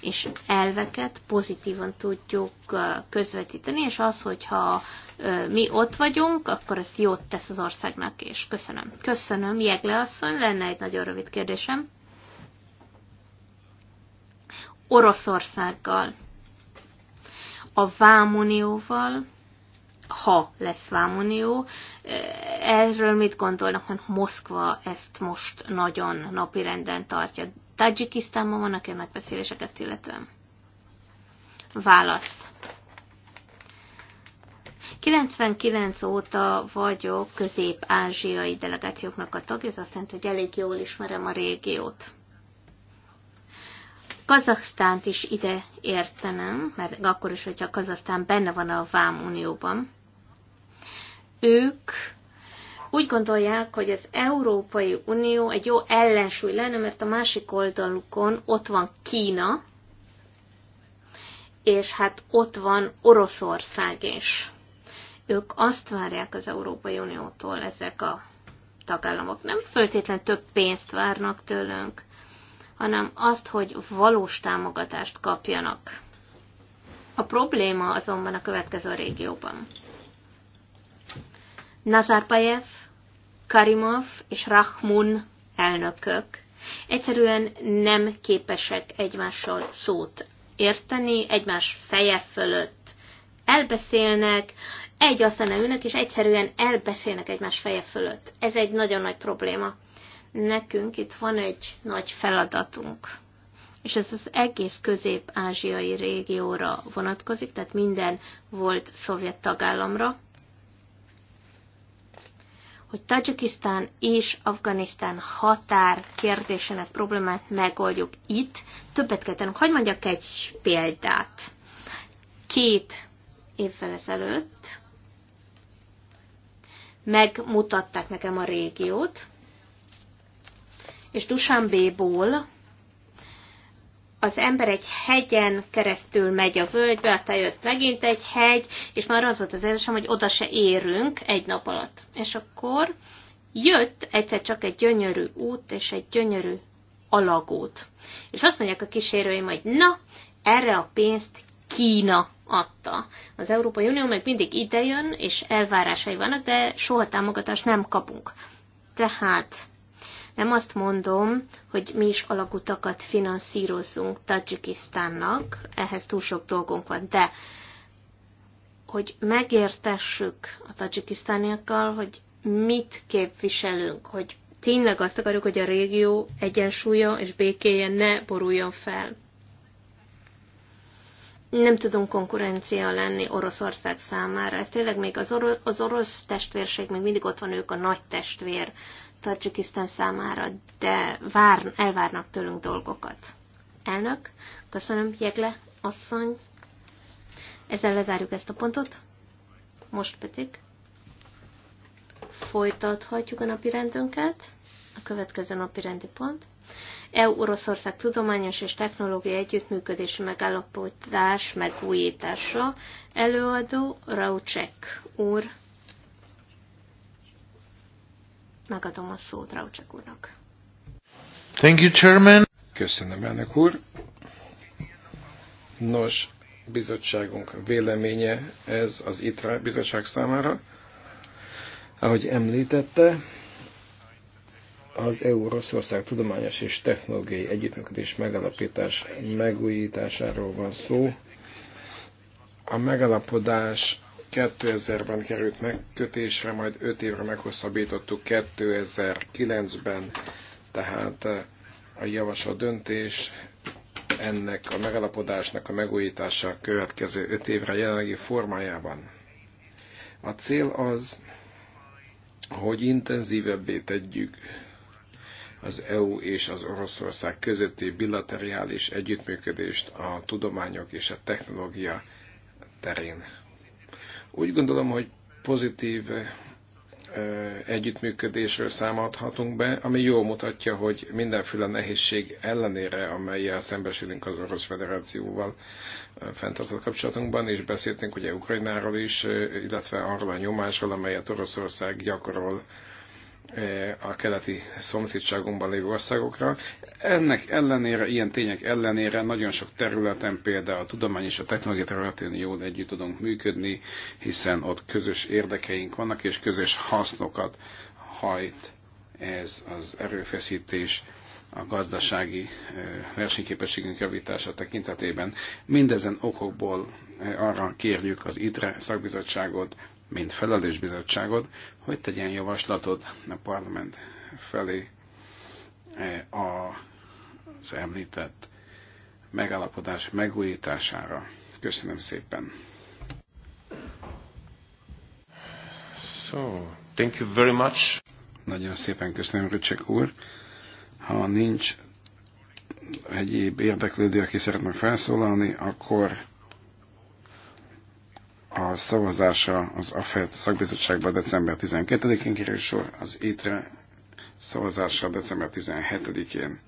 és elveket pozitívan tudjuk közvetíteni, és az, hogyha mi ott vagyunk, akkor ez jót tesz az országnak, és köszönöm. Köszönöm, Jegle asszony, lenne egy nagyon rövid kérdésem. Oroszországgal a vámunióval, ha lesz vámunió, erről mit gondolnak, hogy Moszkva ezt most nagyon napirenden tartja. Tajikisztánban vannak-e megbeszélések ezt illetően? Válasz. 99 óta vagyok közép-ázsiai delegációknak a tagja, ez azt jelenti, hogy elég jól ismerem a régiót. Kazaksztánt is ide értenem, mert akkor is, hogyha Kazaksztán benne van a Vám Unióban. Ők úgy gondolják, hogy az Európai Unió egy jó ellensúly lenne, mert a másik oldalukon ott van Kína, és hát ott van Oroszország is. Ők azt várják az Európai Uniótól ezek a tagállamok. Nem föltétlenül több pénzt várnak tőlünk, hanem azt, hogy valós támogatást kapjanak. A probléma azonban a következő régióban. Nazarbayev, Karimov és Rahmun elnökök egyszerűen nem képesek egymással szót érteni, egymás feje fölött elbeszélnek, egy aztán ülnek, és egyszerűen elbeszélnek egymás feje fölött. Ez egy nagyon nagy probléma nekünk itt van egy nagy feladatunk, és ez az egész közép-ázsiai régióra vonatkozik, tehát minden volt szovjet tagállamra, hogy Tajikisztán és Afganisztán határ kérdésének problémát megoldjuk itt, többet kell tennünk. Hogy mondjak egy példát? Két évvel ezelőtt megmutatták nekem a régiót, és Dusanbéból az ember egy hegyen keresztül megy a völgybe, aztán jött megint egy hegy, és már az volt az érzésem, hogy oda se érünk egy nap alatt. És akkor jött egyszer csak egy gyönyörű út és egy gyönyörű alagút. És azt mondják a kísérőim, hogy na, erre a pénzt Kína adta. Az Európai Unió meg mindig idejön, és elvárásai vannak, de soha támogatást nem kapunk. Tehát nem azt mondom, hogy mi is alagutakat finanszírozunk Tajikisztánnak, ehhez túl sok dolgunk van, de hogy megértessük a tajikisztániakkal, hogy mit képviselünk, hogy tényleg azt akarjuk, hogy a régió egyensúlya és békéje ne boruljon fel. Nem tudunk konkurencia lenni Oroszország számára. Ez tényleg még az, orosz, az orosz testvérség még mindig ott van, ők a nagy testvér. Tajikisztán számára, de vár, elvárnak tőlünk dolgokat. Elnök, köszönöm, Jegle, asszony. Ezzel lezárjuk ezt a pontot. Most pedig folytathatjuk a napi rendünket. A következő napi rendi pont. EU-Oroszország tudományos és technológiai együttműködési megállapodás megújítása. Előadó Raucsek úr. Megadom a szót Raucsak úrnak. Thank you, Chairman. Köszönöm, elnök úr. Nos, bizottságunk véleménye ez az ITRA bizottság számára. Ahogy említette, az EU-Oroszország Tudományos és Technológiai Együttműködés megalapítás megújításáról van szó. A megalapodás 2000-ben került megkötésre, majd 5 évre meghosszabbítottuk 2009-ben, tehát eh, a javasol döntés ennek a megalapodásnak a megújítása a következő 5 évre jelenlegi formájában. A cél az, hogy intenzívebbé tegyük az EU és az Oroszország közötti bilateriális együttműködést a tudományok és a technológia terén. Úgy gondolom, hogy pozitív együttműködésről számolhatunk be, ami jól mutatja, hogy mindenféle nehézség ellenére, amelyel szembesülünk az Orosz Federációval fenntartott kapcsolatunkban, és beszéltünk ugye Ukrajnáról is, illetve arról a nyomásról, amelyet Oroszország gyakorol Eh, a keleti szomszédságunkban lévő országokra. Ennek ellenére, ilyen tények ellenére nagyon sok területen, például a tudomány és a technológia területén jól együtt tudunk működni, hiszen ott közös érdekeink vannak, és közös hasznokat hajt ez az erőfeszítés a gazdasági eh, versenyképességünk javítása tekintetében. Mindezen okokból eh, arra kérjük az ITRE szakbizottságot, mint felelősbizottságod, hogy tegyen javaslatod a parlament felé e, az említett megállapodás megújítására. Köszönöm szépen. So, thank you very much. Nagyon szépen köszönöm, Röcsek úr. Ha nincs egyéb érdeklődő, aki szeretne felszólalni, akkor a szavazása az AFET szakbizottságban december 12-én kerül sor, az étre szavazása december 17-én.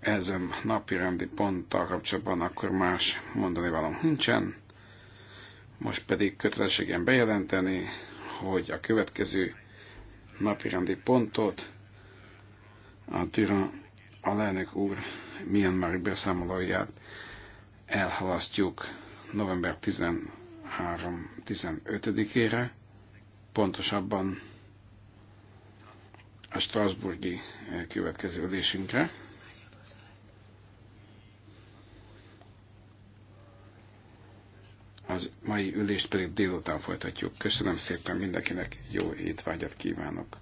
Ezen napi rendi ponttal kapcsolatban akkor más mondani valam nincsen. Most pedig kötelességem bejelenteni, hogy a következő napi rendi pontot a Düran alelnök úr milyen már beszámolóját elhalasztjuk november 13-15-ére, pontosabban a Strasburgi eh, következő ülésünkre. Az mai ülést pedig délután folytatjuk. Köszönöm szépen mindenkinek, jó étvágyat kívánok!